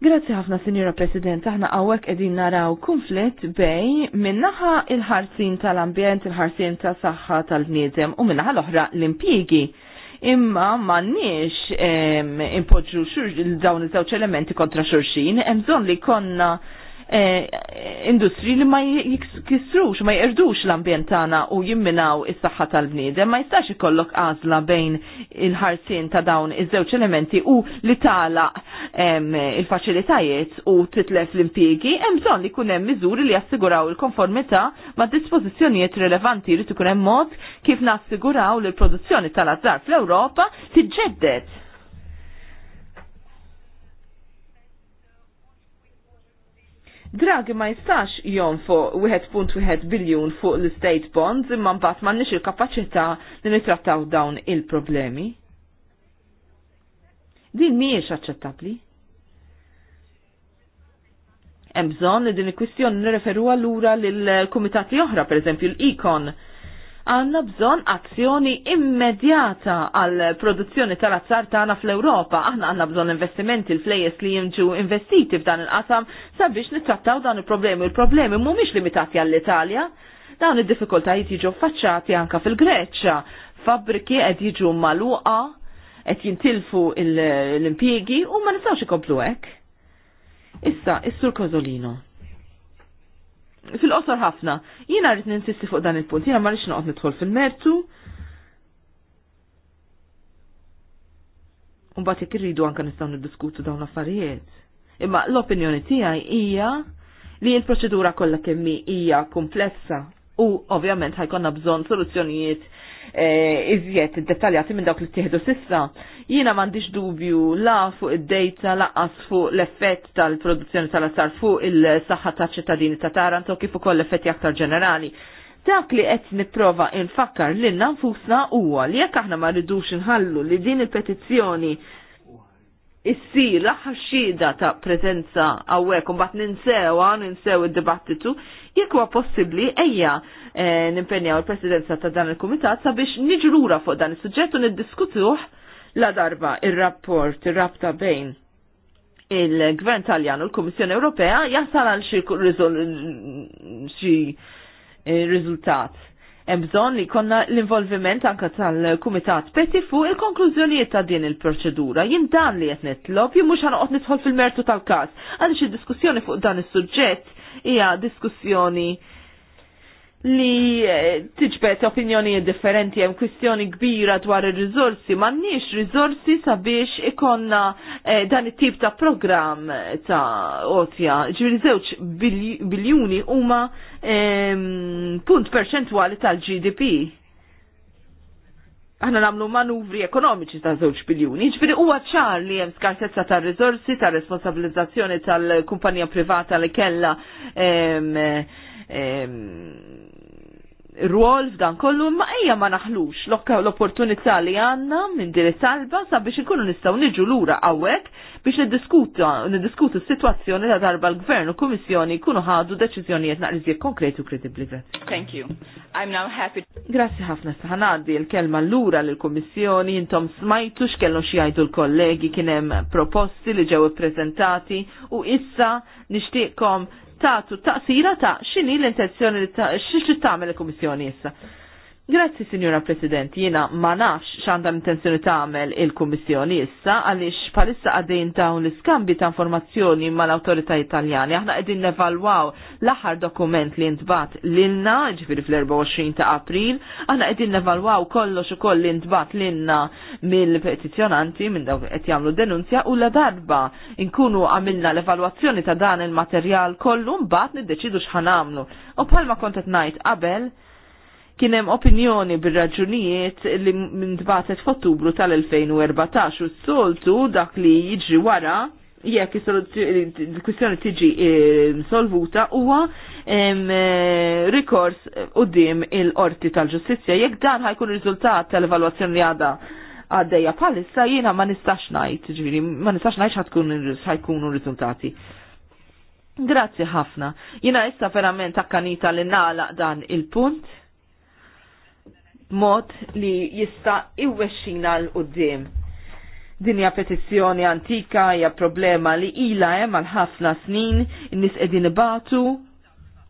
Grazzi ħafna, Sinjora President, aħna għawek edin naraw konflitt bej minnaħa il-ħarsin tal-ambjent, il-ħarsin ta' saħħa tal-bniedem u minnaħa l-oħra l-impjigi. Imma mannix impoġġu dawn iż-żewġ elementi kontra xurxin, hemm bżonn li konna Eh, industri li ma jikisrux, ma jirdux l-ambjent tagħna u jimminaw is-saħħa tal-bniedem, ma jistax ikollok għażla bejn il-ħarsien ta' dawn iż-żewġ elementi u li tala il-faċilitajiet u titlef l-impjiegi, hemm bżonn li jkun hemm miżuri li jassiguraw il-konformità ma' dispożizzjonijiet rilevanti li tukunem hemm mod kif nassiguraw li l-produzzjoni tal-azzar fl-Ewropa tiġġedded Draghi ma jistax jon fuq 1.1 biljun fuq l-state bonds imma mbagħad m'għandniex il-kapaċità li nittrattaw dawn il-problemi. Din mhijiex aċċettabbli. Hemm bżonn li din il-kwistjoni nirreferuha lura lill kumitati oħra, pereżempju l ikon għanna bżon azzjoni immedjata għal produzzjoni tal-azzar tagħna fl-Ewropa. Aħna għanna bżon investimenti l-flejes li jimġu investiti f'dan il-qasam sabiex nittrattaw dan il-problemi. Il-problemi mhumiex limitati għall-Italja. Dawn id-diffikultajiet jiġu faċċati anka fil-Greċċa. Fabbriki qed jiġu maluqa, qed jintilfu l-impjiegi u ma nistgħux ikomplu hekk. Issa, is-Sur Kozolino fil-qosor ħafna. Jiena rrid ninsisti fuq dan il-punt, jina ma rridx noqgħod nidħol fil-mertu. Mbagħad jekk irridu anke nistgħu niddiskutu dawn l-affarijiet. Imma l-opinjoni tiegħi hija li l-proċedura kollha kemm hija komplessa u ovvjament ħajkonna bżonn soluzzjonijiet Eh, iżjed dettaljati minn dawk li tieħdu sissa. Jiena m'għandix dubju la fuq id-dejta laqas fuq l-effett tal-produzzjoni tal-azzar fuq il-saħħa taċ-ċittadini ta' Taranto kif ukoll l-effetti aktar ġenerali. Dak li qed nipprova infakkar lilna nfusna huwa li jekk aħna ma rridux inħallu li din il-petizzjoni issir l-aħħar xhieda ta' preżenza hawnhekk u mbagħad ninsewa, ninsew id-dibattitu, jekk huwa possibbli ejja eh, nimpenjaw il-presidenza ta' dan il-kumitat sabiex niġrura fuq dan is-suġġett u niddiskutuh la darba il rapport ir-rabta bejn il-Gvern Taljan u l-Kummissjoni Ewropea jasal għal xi eh, riżultat Hemm bżonn li konna l-involviment anke tal-Kumitat Peti fuq il-konklużjonijiet ta' din il-proċedura. Jien dan li qed nitlob jien mhux ħanoqgħod nidħol fil-mertu tal-każ għaliex id-diskussjoni fuq dan is-suġġett hija diskussjoni li eh, tiġbet opinjonijiet differenti hemm kwistjoni kbira dwar ir-riżorsi, m'għandniex riżorsi sabiex ikonna eh, dan it-tip ta' programm ta' qotja. Ġifieri żewġ biljuni huma ehm, punt perċentwali tal-GDP. Aħna nagħmlu manuvri ekonomiċi ta' żewġ biljuni, ġifieri huwa ċar li hemm skarsezza ta' riżorsi, ta' responsabilizzazzjoni tal-kumpanija privata li kellha ehm, ehm, rwol f'dan kollu, ma ejja ma naħlux l-opportunità li għanna minn din talba sabiex ikunu nistgħu niġu lura għawek biex niddiskutu s-sitwazzjoni ta' darba l-Gvern u Kummissjoni jkunu ħadu deċiżjonijiet naqriżiet konkreti u kredibbli. Thank you. I'm now happy. Grazzi ħafna saħanaddi l-kelma lura l kummissjoni intom smajtu x'kellu xijajdu jgħidu l-kollegi kien hemm proposti li ġew ippreżentati u issa nixtieqkom Tatu taqsira ta' x'inhi l-intenzjoni li x'tagħmel il-Kummissjoni issa. Grazzi, Signora President, jiena ma nafx xanda l-intenzjoni ta' għamel il-Kommissjoni issa, għalix palissa għadin dawn l-iskambi ta' informazzjoni ma l italjani. Aħna għedin nevalwaw l aħħar dokument li intbat l-inna, ġifiri fl-24 ta' april, aħna għedin nevalwaw kollox ukoll koll li intbat l-inna mill-petizjonanti, minn dawk qed jagħmlu denunzja, u la darba inkunu għamilna l-evalwazzjoni ta' dan il-materjal kollu mbagħad niddeċidu x'ħanamlu. U palma kontet ngħid qabel, kien hemm opinjoni bir-raġunijiet li ntbatet f'Ottubru tal-2014 u s-soltu dak li jiġri wara jekk il-kwistjoni tiġi e, solvuta huwa e, rikors dim il-qorti tal-ġustizzja jekk dan ħajkun riżultat tal-evalwazzjoni li għadha għaddejja palissa jiena ma nistax ngħid, ġifieri ma nistax ngħid ħadkun ħajkunu riżultati. Grazzi ħafna. Jiena issa verament akkanita li nagħlaq dan il-punt mod li jista' iwexxina l qudiem hija petizzjoni antika hija problema li ila hemm għal ħafna snin, in-nies qegħdin ibatu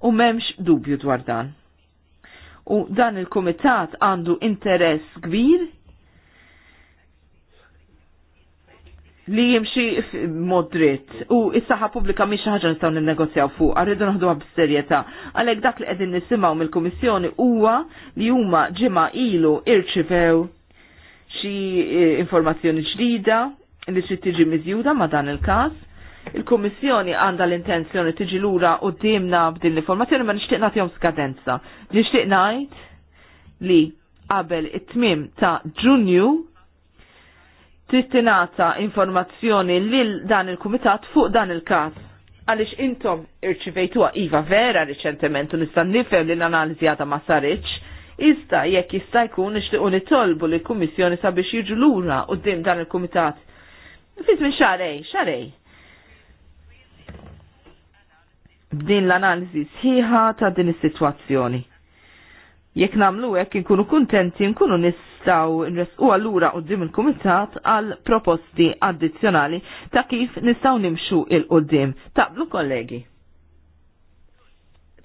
u m'hemmx dubju dwar dan. U dan il-kumitat għandu interess kbir li jimxi modrit u is-saħħa pubblika mhix ħaġa nistgħu ninnegozjaw fuq, rridu naħduha b'serjetà. Għalhekk dak li qegħdin nisimgħu mill-Kummissjoni huwa li huma ġimgħa ilu irċivew xi e, informazzjoni ġdida li trid tiġi miżjuda ma' dan il-każ. Il-Kummissjoni għandha l-intenzjoni tiġi lura qudiemna b'din l-informazzjoni ma nixtieq nagħtihom skadenza. Nixtieq ngħid li qabel it-tmiem ta' Ġunju titinata informazzjoni lil dan il-kumitat fuq dan il-kas. Għalix intom irċivejtuha iva vera riċentement u nista' nifhem li l-analiżi għadha ma saritx, iżda jekk jista' jkun nixtiequ nitolbu li l-Kummissjoni sabiex jiġu lura qudiem dan il-kumitat. Fis minn xarej, xarej. B'din l-analiżi sħiħa ta' din is-sitwazzjoni Jekk namlu hekk inkunu kuntenti nkunu nistgħu nresqu allura qudiem il-Kumitat għal proposti addizzjonali ta' kif nistgħu nimxu il-qudiem. Taqblu kollegi.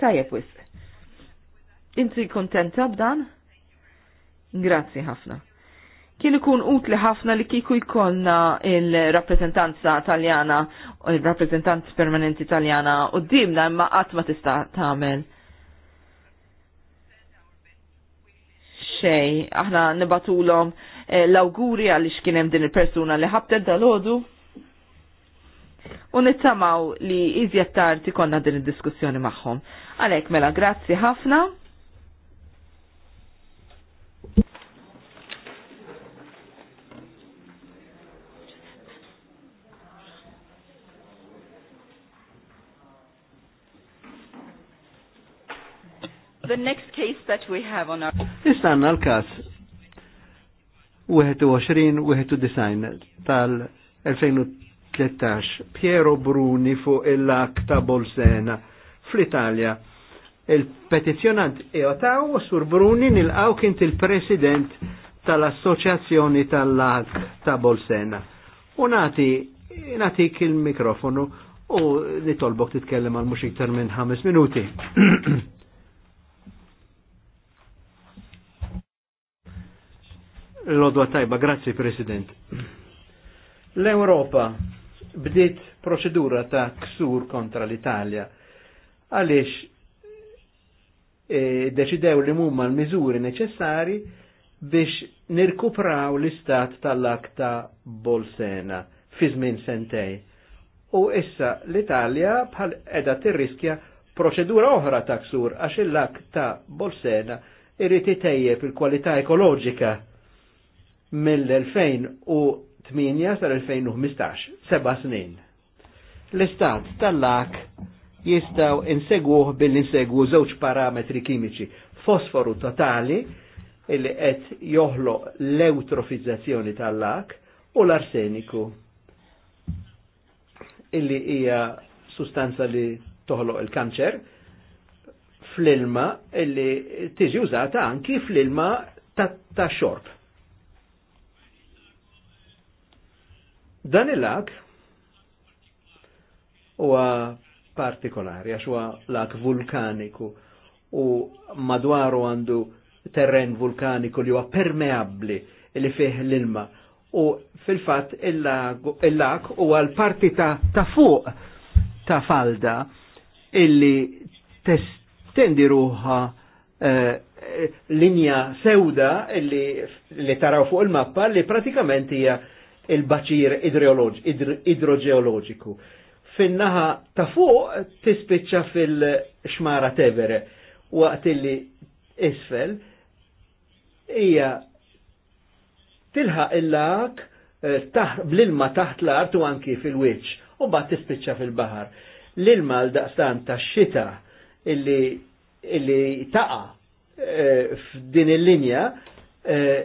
Tajjeb wisq. Inti kuntenta b'dan? Grazzi ħafna kien ikun utli ħafna li kiku jkollna il-rappresentanza taljana, il-rappresentanz permanenti taljana u dimna imma qatt ma tista' tagħmel. xej. Aħna nibatulhom eh, l-awguri għaliex kien hemm din il-persuna li ħabtet dal-ħodu. U nittamaw li iżjed tardi konna din id-diskussjoni magħhom. Għalhekk mela grazzi ħafna. The next case that we have on our... Istanna l-kas 21 21 tal-2013 Piero Bruni fuq il-lak ta' Bolsena fl-Italja. Il-petizjonant iotaw Sur Bruni nil-għaw kint il-president tal-Assoċjazzjoni tal-Lak ta' Bolsena. Unati, nati il-mikrofonu u nitolbok titkellem għal muxik iktar minn 5 minuti. L-odwa tajba, grazzi President. L-Europa bdiet proċedura ta' ksur kontra l-Italja għaliex e, deċidew li mumma l-miżuri neċessari biex nirkupraw l-istat tal-akta Bolsena fi żmien sentej. U issa l-Italja bħal edha tirriskja proċedura oħra ta' ksur għax il-akta Bolsena irrid itejjeb il-kwalità ekoloġika mill-2008 sal-2015, seba snin. L-istat tal-lak jistaw inseguħ bil-insegwu żewġ parametri kimiċi, fosforu totali, illi qed joħlo l-eutrofizzazzjoni tal-lak, u l-arseniku, illi hija sustanza li toħloq il-kanċer, fl-ilma illi tiġi użata anki fl-ilma ta', ta xorb Dan il-lak huwa partikolari, għax huwa lak vulkaniku u madwaru għandu terren vulkaniku li huwa permeabbli li fih l-ilma u fil-fatt il-lak huwa l-parti ta', fuq ta' falda illi testendi ruħa eh, linja sewda li, li taraw fuq il-mappa li pratikament hija il-baċir idroġeoloġiku. Fin-naħa ta' fuq tispiċċa fil-xmara tevere waqt illi isfel hija tilħaq il-lak eh, bl-ilma taħt l-art u anki fil-wiċ u bat tispiċċa fil-bahar. L-ilma l-daqstan ta' xita illi, illi taqa eh, f'din il-linja eh,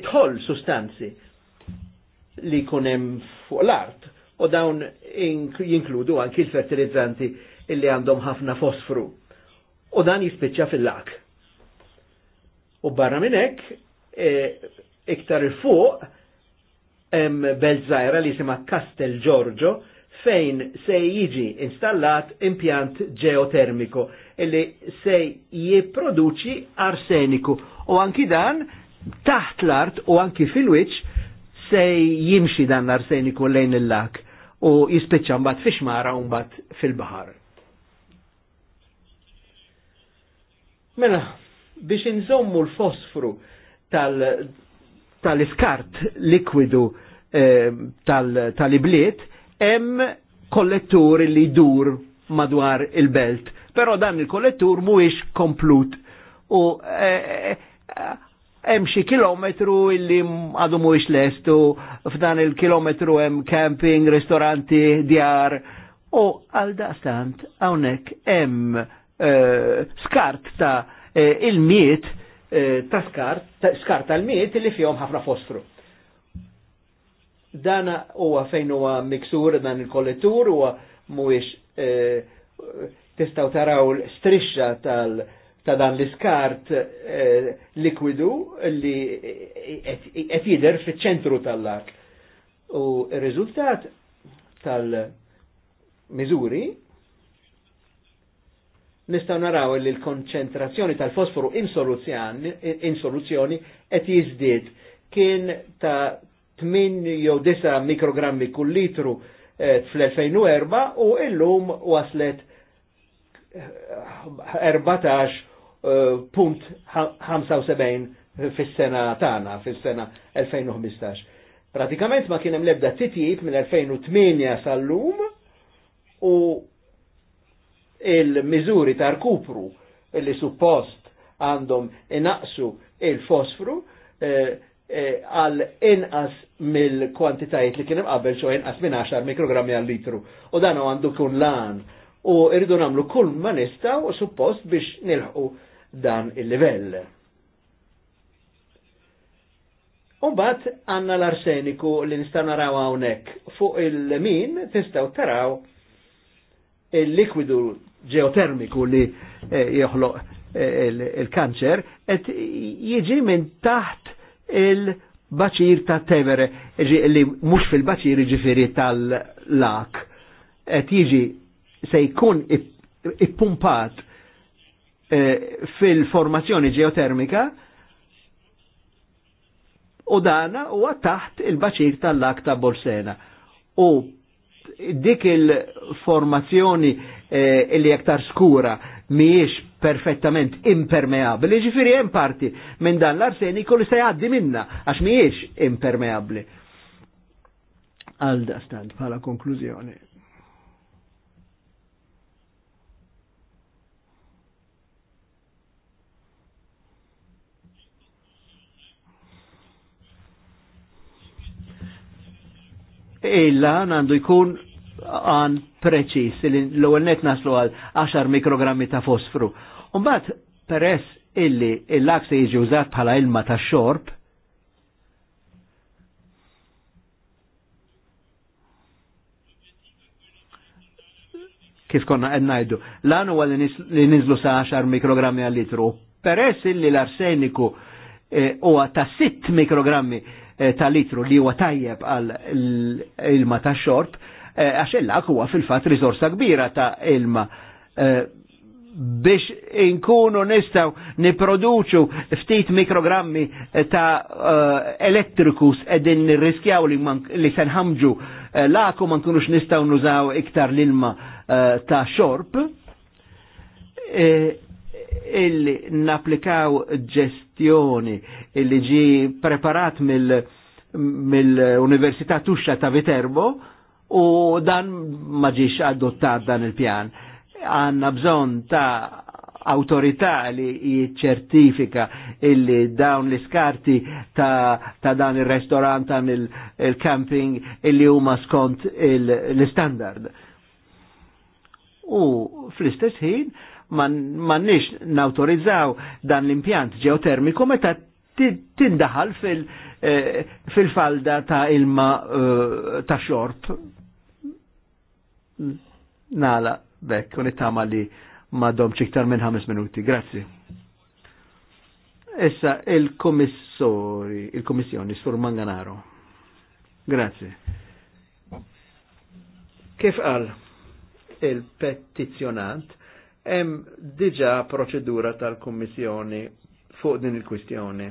itħol sustanzi li kunem fuq l-art u dawn jinkludu anki l-fertilizzanti illi għandhom ħafna fosfru u dan jispiċċa fil-lak. U barra minnek, e, iktar il-fuq, hemm belżajra li sima Castel Giorgio fejn se jiġi installat impjant ġeotermiku illi se jipproduċi arseniku u anki dan taħt l-art u anki fil-wiċ se jimxi dan l-arseniku lejn il-lak u jispiċċa mbagħad fix mara u mbagħad fil-baħar. Mela, biex inżommu l-fosfru tal-iskart tal likwidu eh, tal-ibliet, tal hemm kollettur li jdur madwar il-belt. Però dan il-kollettur mhuwiex komplut u eh, eh hemm xi kilometru illi għadu mhuwiex lestu, f'dan il-kilometru hemm camping, ristoranti, djar, u għal daqstant hawnhekk hemm eh, skart ta' eh, il-miet eh, ta' skart, ta' skart tal-miet li fihom ħafna fosfru. Dan huwa fejn huwa miksur dan il-kollettur huwa mhuwiex eh, tistgħu taraw l-strixxa tal- ta' dan l-iskart eh, likwidu li qed jidher fiċ-ċentru tal lak U r-riżultat tal-miżuri nistgħu naraw li l-konċentrazzjoni tal-fosforu soluzzjoni qed jiżdied kien ta' 8 jew 9 mikrogrammi kull litru eh, fl-2004 u illum waslet 14 eh, Eh, punt 75 fis-sena tagħna, fis-sena 2015. Pratikament ma kien hemm lebda titjib minn 2008 sal-lum u il-miżuri ta' rkupru li suppost għandhom inaqsu il-fosfru eh, eh, għal inqas mill-kwantitajiet li kien qabel xo inqas minn 10 mikrogrammi għal litru. U dan għandu kun lan u irridu namlu kull ma nistaw suppost biex nilħu dan il-livell. Umbat għanna l-arseniku li nistaw naraw hawnhekk fuq il-min tistgħu taraw il-likwidu ġeotermiku li eh, joħloq eh, il-kanċer et jiġi minn taħt il-baċir ta' tevere li mux fil-baċir ġifiri tal-lak et jiġi se jkun ippumpat Eh, fil-formazzjoni ġeotermika u dana u taħt il-baċir tal-lak ta' Bolsena. U dik il-formazzjoni eh, li aktar skura miex perfettament impermeabli, ġifiri jem parti minn dan l-arseniku li se jgħaddi minna, għax miex impermeabli. Għalda stand, pala konklużjoni. illa għandu jkun għan preċis, l għol net naslu għal 10 mikrogrammi ta' fosfru. Umbat, peress illi l laks se jiġi użat bħala ilma ta' xorb, kif konna L-għan u li nizlu sa' 10 mikrogrammi għal litru. Peress illi l-arseniku eh, huwa għata ta' 6 mikrogrammi Eh, ta' litru li huwa tajjeb għal ilma ta' xorb, eh, għax il-lak huwa fil-fat risorsa kbira ta' ilma eh, biex inkunu nistaw niproduċu ftit mikrogrammi ta' uh, elettrikus edin nirriskjaw li, li senħamġu uh, laku ma nkunux nistaw nużaw iktar l-ilma uh, ta' xorb illi naplikaw ġestjoni illi ġi preparat mill-Università mil Tuxa ta' Viterbo u dan ma adottat dan il-pjan. Għanna bżon ta' autorità li jċertifika illi dawn l-iskarti ta', ta dan il-restorant, dan il-camping il illi huma skont l-standard. U fl-istess ħin, m'għandniex nawtorizzaw dan l-impjant ġeotermiku meta tindaħal fil- eh, falda ta' ilma eh, ta' xorb. Nala, bekk, unittama li madom ċiktar minn 5 minuti. Grazzi. Issa il-kommissori, il-kommissjoni, sur Manganaro. Grazzi. Kif qal il-petizjonant hemm diġà proċedura tal-Kummissjoni fuq din il-kwistjoni.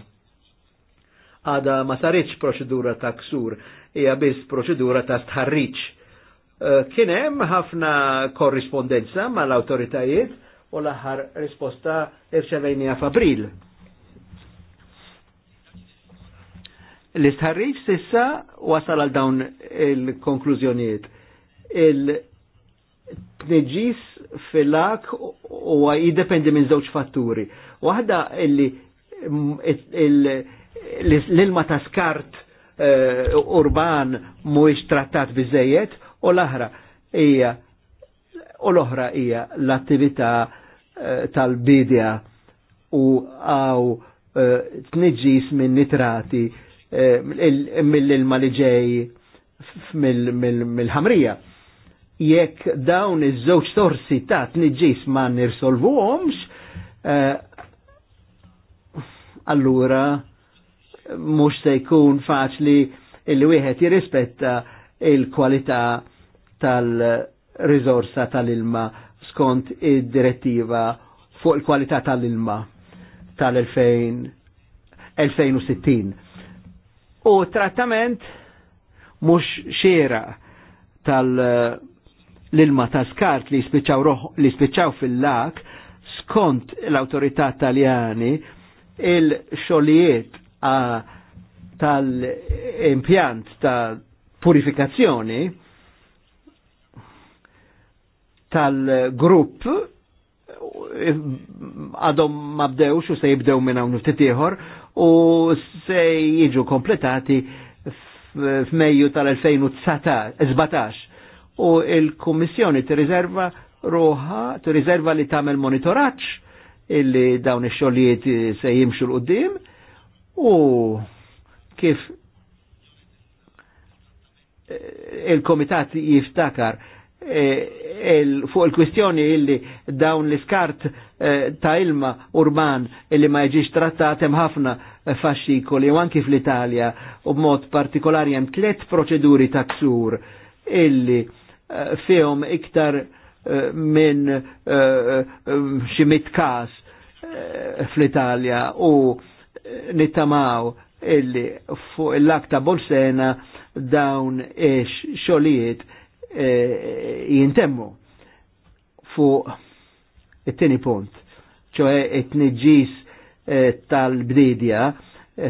Għada ma saritx proċedura ta' ksur, hija biss proċedura ta' stħarriċ. Eh, kien hemm ħafna korrispondenza mal-awtoritajiet u l-aħħar risposta irċevejnija f'April. L-istħarriċ sissa wasal għal dawn il-konklużjonijiet. il konklużjonijiet tneġis fil-ak u jidependi minn żewġ fatturi. Waħda illi l-ilma ta' skart eh, urban mhuwiex trattat biżejjed u l-aħra hija u l-oħra hija l-attività eh, tal-bidja u għaw eh, tniġis minn nitrati mill-ilma li ġej mill-ħamrija jekk dawn iż-żewġ sorsi ta' tniġis ma nirsolvuhomx, eh, allura mhux se jkun faċli illi wieħed jirrispetta il-kwalità tal-riżorsa tal-ilma skont id-direttiva fuq il-kwalità tal-ilma tal-2060. U trattament mhux xiera tal- l-ilma ta' skart li spiċaw fil-lak skont l-autorità taljani il-xolijiet tal-impjant ta' purifikazzjoni tal-grupp għadhom ma bdewx u se jibdew minn hawn ftit u se jiġu kompletati f'Mejju tal-2017 u il-Kummissjoni tirriserva ruħa, tirriserva li tagħmel monitoraġġ illi dawn ix-xogħlijiet eh, se jimxu l-qudiem u kif eh, il-komitat jiftakar eh, fuq il-kwistjoni illi dawn l-iskart ta' ilma urban illi ma jġiġ trattat hemm ħafna faxxikoli u anki fl-Italja u b'mod partikolari hemm tliet proċeduri ta' ksur illi fihom iktar eh, minn eh, eh, xi kas fl-Italja u nittamaw illi fuq il akta bolsena dawn xolijiet jintemmu fuq it-tieni punt, ċoħe it-nġis tal-bdidja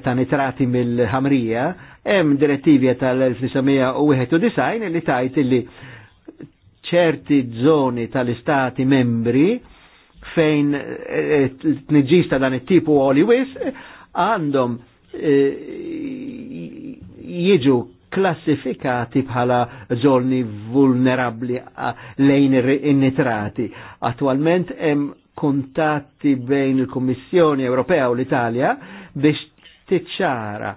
ta' nitrati mill-ħamrija, hemm direttivja tal-1991 li tajt illi ċerti zoni tal-istati membri fejn eh, eh, t-nġis dan it-tipu għoli wis għandhom eh, jiġu klassifikati bħala zoni vulnerabli lejn in-nitrati. Attualment hemm kontatti bejn il-Kommissjoni Ewropea u l-Italja biex tiċċara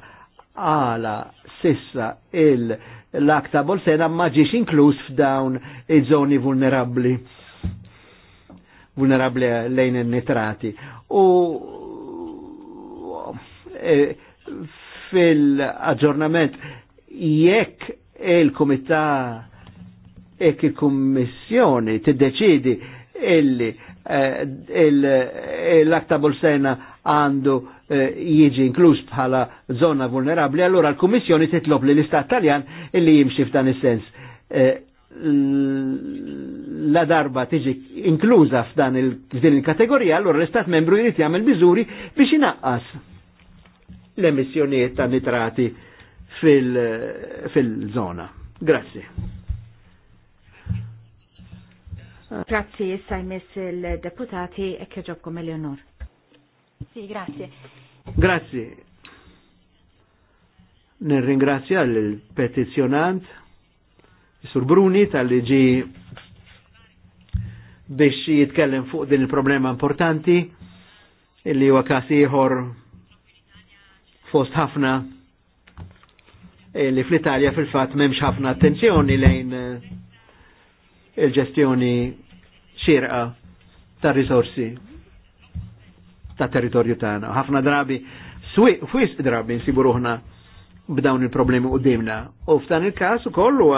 għala sissa il- l-ak ta' bolsena ma ġiex inkluż f'dawn iż-żoni vulnerabbli vulnerabli lejn in-nitrati. U e, fil-aġġornament jekk il-komità jekk il-kummissjoni tiddeċidi illi e, il akta bolsena għandu Eh, jiġi inkluż bħala zona vulnerabli, allora l-Kummissjoni titlob li l-Istat Taljan illi jimxi f'dan is-sens. Eh, la darba tiġi inkluża f'dan il-din il-kategorija, allora l-Istat membru jrid jagħmel miżuri biex inaqqas l-emissjonijiet ta' nitrati fil-zona. Grazzi. Grazie, issa jmiss il-deputati e kħeġobkom Eleonor. Sì, grazie. Grazie. Nel il petizionante, il Sur Bruni, tal-li biex jitkellem fuq din il-problema importanti illi e huwa każ ieħor fost ħafna e li fl-Italja fil-fatt m'hemmx ħafna attenzjoni lejn eh, il-ġestjoni xirqa ta' risorsi ta' territorju tagħna. Ħafna drabi, fwis drabi nsibu ruħna b'dawn il-problemi u dimna. U f'dan il-kas u kollu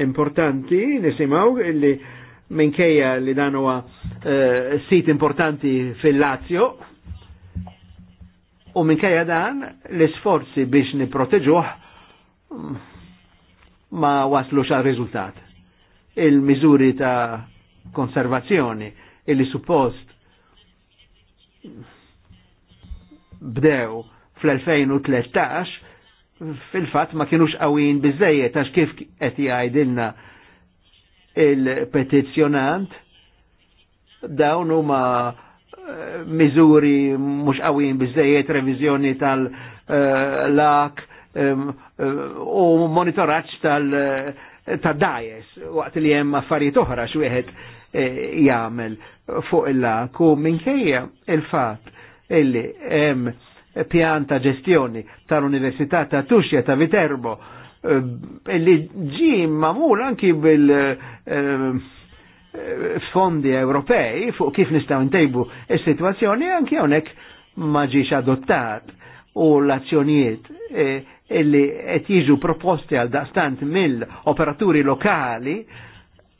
importanti nisimaw illi minkejja li dan huwa uh, sit importanti fil-Lazio u minkejja dan l-isforzi biex niproteġuh mm, ma waslu xa rizultat. il mizuri ta' konservazzjoni illi suppost bdew fl-2013 fil-fat ma kienux għawin bizzejiet għax kif qed jgħidilna il-petizzjonant dawn huma eh, miżuri mhux qawwin biżejjed reviżjoni tal-lak eh, eh, u monitoraġġ tal-dajes waqt li hemm affarijiet oħra wieħed. Eh, jagħmel fuq il laku u minkejja il fat illi hemm pjanta ġestjoni tal-Università ta' Tuxja ta' Viterbo eh, illi ġi mamul anki bil eh, fondi Ewropej fuq kif nistgħu ntejbu il sitwazzjoni anki hawnhekk ma ġiex adottat u l-azzjonijiet illi qed jiġu proposti għal daqstant mill-operaturi lokali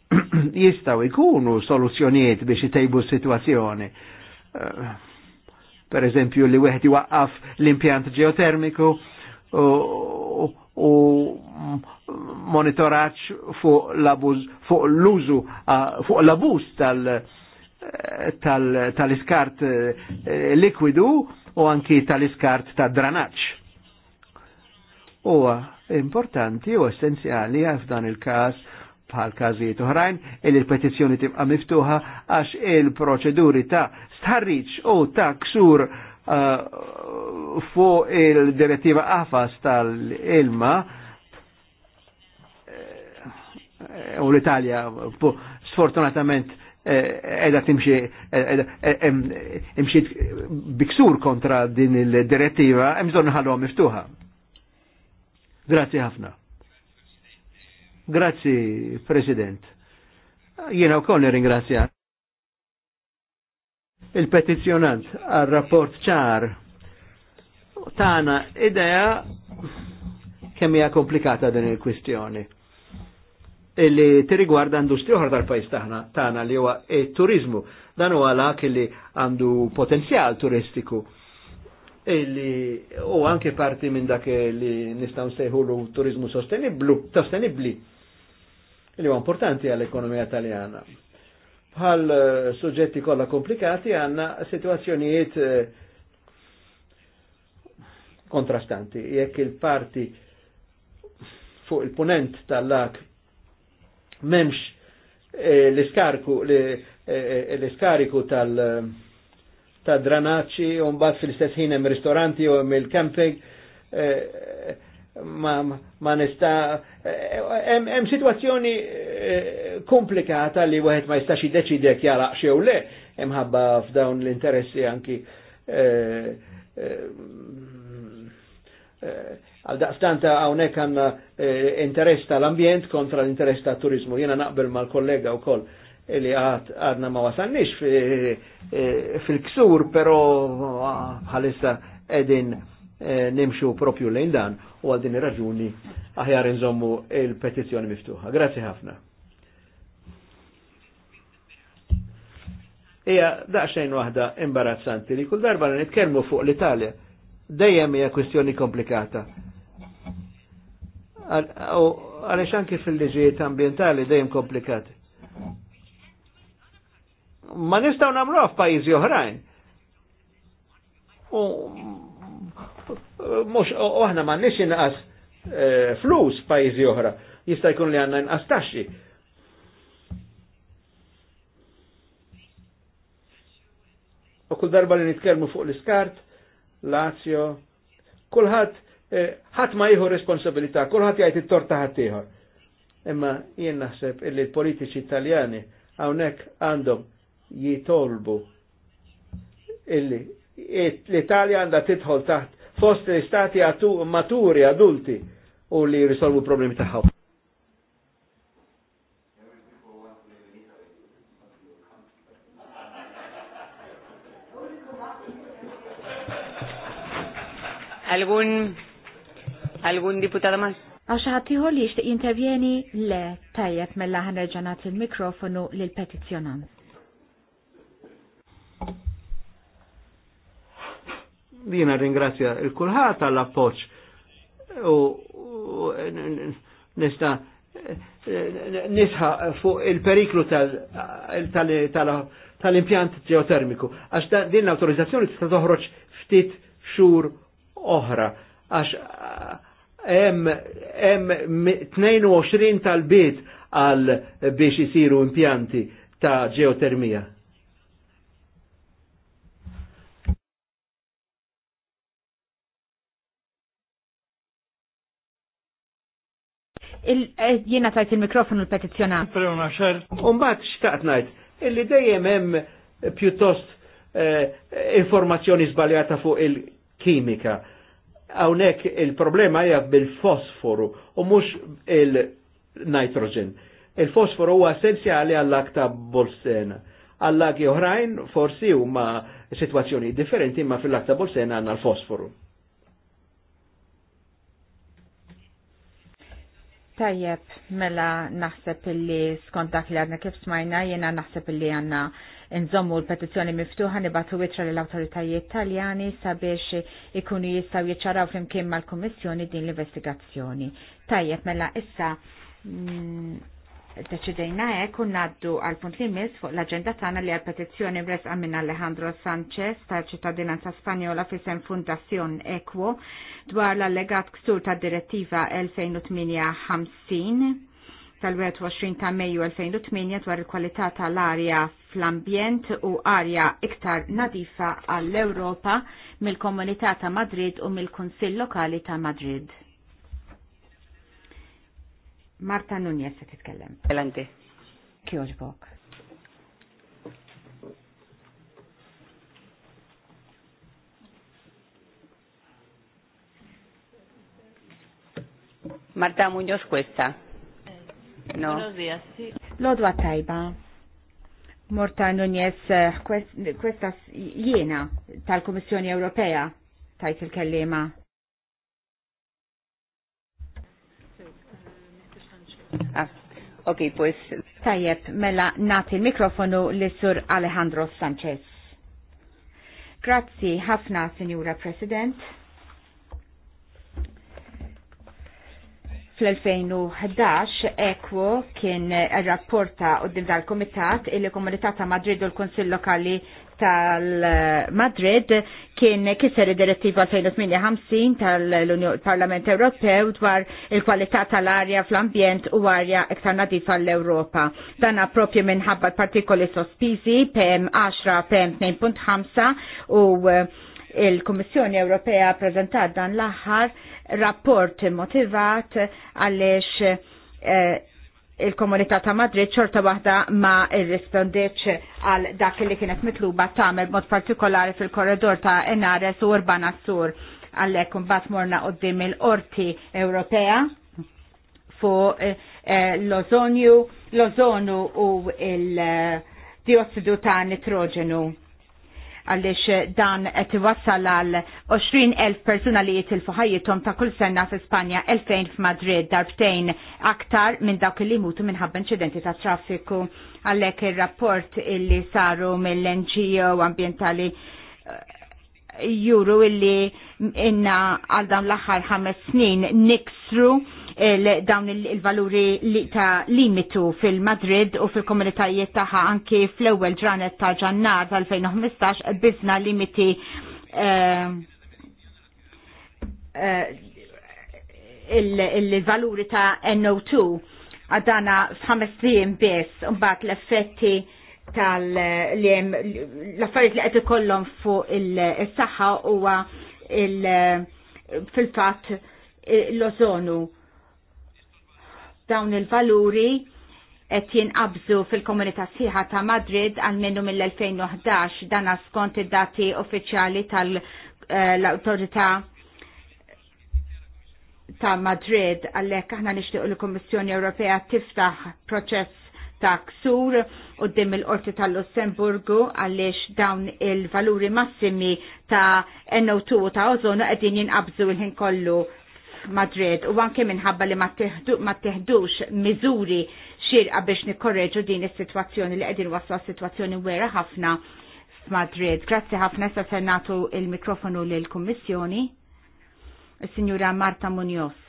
jistaw ikunu soluzzjonijiet biex jtejbu s-situazzjoni. Eh, per eżempju li wieħed waqqaf l-impjant geotermiku u, u monitoraċ fuq l-użu, fuq l-abuż eh, tal- tal-iskart tal eh, likwidu u anki tal-iskart ta' dranaċ. U importanti u essenzjali f'dan il-każ bħal każijiet oħrajn il il petizzjoni tibqa' miftuħa għax il-proċeduri ta' stħarriċ u ta' ksur uh, fuq il-direttiva qafas tal-ilma eh, u uh, l-Italja sfortunatament eh, edha timxi eh, imxiet biksur kontra din il-direttiva, emżon ħallu miftuħa. Grazie ħafna. Grazzi, President. Jiena u koll ringrazzja il-petizjonant għal rapport ċar tana idea kemm hija komplikata din il-kwistjoni illi riguarda industri oħra tal-pajis taħna tagħna li huwa turizmu dan huwa lak illi għandu potenzjal turistiku illi u anke parti minn dak li nistgħu nsejħulu turizmu sosteniblu, sostenibli. sostenibli li huwa importanti għall-ekonomija taljana. Bħal eh, suġġetti kollha komplikati għandna situazzjonijiet eh, kontrastanti. Jekk il-parti fuq il-punent tal-lak memx eh, l-iskarku l-iskariku tal- ta' dranaċi, un bat fil-istess ristoranti u hemm il-camping, eh, ma, ma nista hemm eh, situazzjoni eh, komplikata li wieħed ma jistax jiddeċidek jaraq xew le ħabba f'dawn l-interessi anki eh, eh, eh, għal daqstanta hawnhekk għandna interess tal-ambjent kontra l-interess tal turizmu Jiena naqbel mal-kollega wkoll li għadna ma wasannix fil-ksur, pero ah, bħalissa edin Eh, nimxu propju lejn dan u għal din ir-raġuni aħjar nżommu il-petizzjoni miftuħa. Grazzi ħafna. Ija daqsxejn waħda imbarazzanti li kull darba nitkellmu fuq l-Italja dejjem hija kwestjoni komplikata. Għaliex anki fil-liġijiet ambientali dejjem komplikati. Ma nistgħu nagħmluha f'pajjiżi oħrajn mux uħna ma nix inqas e, flus pajjiżi oħra, jista' jkun li għandna inqas taxxi. U kull darba li nitkellmu fuq l-iskart, Lazio, kulħadd e, ħadd ma jieħu responsabilità, kulħadd jgħid it-torta ħat ieħor. Imma jien naħseb illi l-politiċi Italjani hawnhekk għandhom jitolbu illi l-Italja għanda titħol taħt fost stati maturi, adulti u li risolvu problemi taħħu. Algun algun diputata mas? Għax ħatiħor li jishtiq jintervjeni le tajjeb mella ħanerġanat il-mikrofonu l petizjonant Jina ringrazzja il-kulħat għall-appoċ u nista nisħa fuq il-periklu tal-impjant ġeotermiku. Għax din l-autorizzazzjoni tista' toħroġ ftit xhur oħra. Għax hemm 22 tal-bit għal biex isiru impjanti ta' ġeotermija. Eh, jiena tajt il-mikrofonu l-petizjonat. Umbat xtaqt najt, illi dejjem hemm eh, pjuttost eh, informazzjoni zbaljata fuq il-kimika. Hawnhekk il-problema hija bil-fosforu u mhux il-nitrogen. Il-fosforu huwa essenzjali għall-ak ta' bolsena. Għall-ak oħrajn forsi huma sitwazzjoni differenti imma fil-ak ta' bolsena għandna l-fosforu. Tajjeb, mela naħseb illi skont dak li għadna kif smajna jena naħseb illi għanna nżommu l-petizjoni miftuħa nibatu witra l-autoritajiet taljani sabiex ikunu jistaw jiċċaraw flimkien mal komissjoni din l-investigazzjoni. Tajjeb, mela issa mm, Deċidejna hekk u naddu għal punt li mis fuq l-aġenda tagħna li għal petizzjoni mresqa minn Alejandro Sanchez ta' ċittadinanza Spanjola fi sem Fundazzjon Equo dwar l-allegat ksur ta' direttiva 2058 tal-21 ta' Mejju 2008 dwar il-kwalità tal-arja fl-ambjent u arja iktar nadifa għall-Ewropa mill-Komunità ta' Madrid u mill-Kunsill Lokali ta' Madrid. Marta Nunez se titkellem. Elanti. Kjoġ bok. Marta Muñoz Cuesta. No. Lodu días, sí. tajba. Morta Nunez eh, Cuesta jiena tal-Komissjoni Ewropea tajt il-kellima. Ah, ok, pues. Tajjeb, mela nati il-mikrofonu l-sur Alejandro Sanchez. Grazzi ħafna, Signora President. fl-2011 ekwo kien rapporta u dal komitat il komunità ta' Madrid u l-Konsil Lokali tal-Madrid kien kisser id-direttiva 2058 tal-Parlament Ewropew dwar il-kwalità tal-arja fl-ambjent u arja iktar nadifa l-Ewropa. Dana propju minħabba partikoli sospiżi PM10, PM2.5 u eh, il-Kommissjoni Ewropea prezentat dan l-aħħar rapport motivat għaliex eh, il-komunità ta' Madrid xorta waħda ma irrispondeċ għal dak li kienet mitluba tagħmel mod partikolari fil-korridor ta' Enares u Urbana Sur għallek mbagħad morna qudiem il-Qorti Ewropea fu eh, eh, l-ozonju, l-ozonu u il-diossidu ta' nitrogenu għaliex dan qed iwassal għal 20,000 persuna li jitilfu ħajjithom ta' kull sena fi Spanja 2000 f'Madrid darbtejn aktar minn dawk li mutu minħabba inċidenti ta' traffiku għalhekk ir-rapport illi saru mill-NGO ambientali eh, juru illi inna għal dawn l-aħħar ħames snin niksru dawn il-valuri li ta' limitu fil-Madrid u fil-komunitajiet taħħa anki fl-ewwel ġranet ta' ġannar tal-2015 bizna limiti eh, eh, il-valuri ta' NO2 għadana f'ħames sijin bis, mbagħad l-effetti tal l-affarijiet li qed ikollhom fuq il-saħħa huwa fil-fatt eh, l-ozonu dawn il-valuri qed jinqabżu fil-komunità sħiħa ta' Madrid għal minnu mill-2011 dan skont id-dati uffiċjali tal-Awtorità eh, ta' Madrid għalhekk aħna nixtieq l-Kummissjoni Ewropea tiftaħ proċess ta' ksur qudiem il-Qorti tal-Lussemburgu għaliex dawn il-valuri massimi ta' NO2 ta' ozono qegħdin jinqabżu l-ħin kollu f'Madrid u anke minħabba li ma teħdux miżuri xirqa biex nikkorreġu din is-sitwazzjoni li qegħdin waslu sitwazzjoni wera ħafna f'Madrid. Grazzi ħafna sa se nagħtu il-mikrofonu lill kummissjoni Signora Marta Munoz.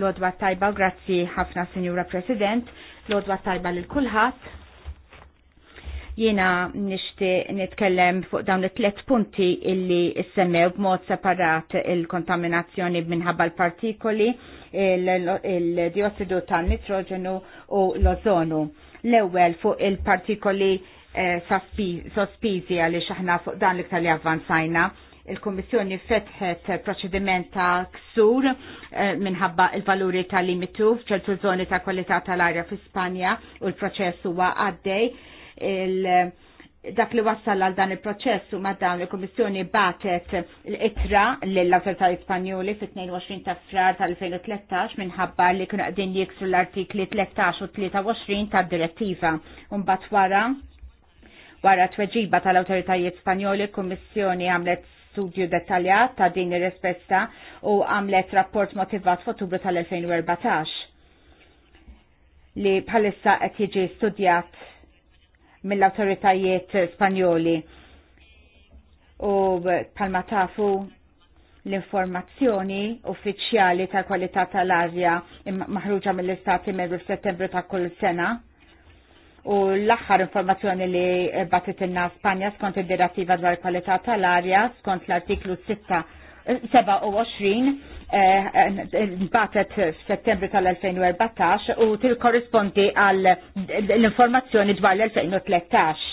Lodwa tajba, grazzi ħafna Signora President, lodwa tajba lil kulħadd Jiena nixtieq nitkellem fuq dawn it-tlet punti illi issemmew b'mod separat il-kontaminazzjoni minħabba l-partikoli, il-diossidu tal-nitrogenu u l-ozonu. L-ewwel fuq il-partikoli eh, sospiżi għalli aħna fuq dan l-iktar li avvanzajna il-Kommissjoni fetħet proċediment ta' ksur eh, minħabba il-valuri ta' limitu f'ċertu zoni ta' kwalità tal-arja fi Spanja u l-proċess huwa għaddej il- dak li wassal għal dan il-proċess u dan il-Komissjoni batet l-itra l-autoritajiet Spanjoli fit-22 ta' frar tal-2013 minħabba li kienu għadin jiksu l-artikli 13 u 23 ta' direttiva. Umbat wara, wara tweġiba tal-autoritajiet Spanjoli, Komissjoni għamlet studju dettaljat ta' din ir resposta u għamlet rapport motivat f'Ottubru tal-2014 li bħalissa qed jiġi studjat mill-autoritajiet spanjoli. U palma tafu l-informazzjoni uffiċjali tal kwalità tal-arja maħruġa mill-Istati Membri f'Settembru ta' kull sena. U l-aħħar informazzjoni li batit inna Spanja skont id-direttiva dwar kwalità tal-arja skont l-artiklu 6 27 eh, Eh, batet f'Settembru tal-2014 u til-korrispondi għal l-informazzjoni dwar l-2013.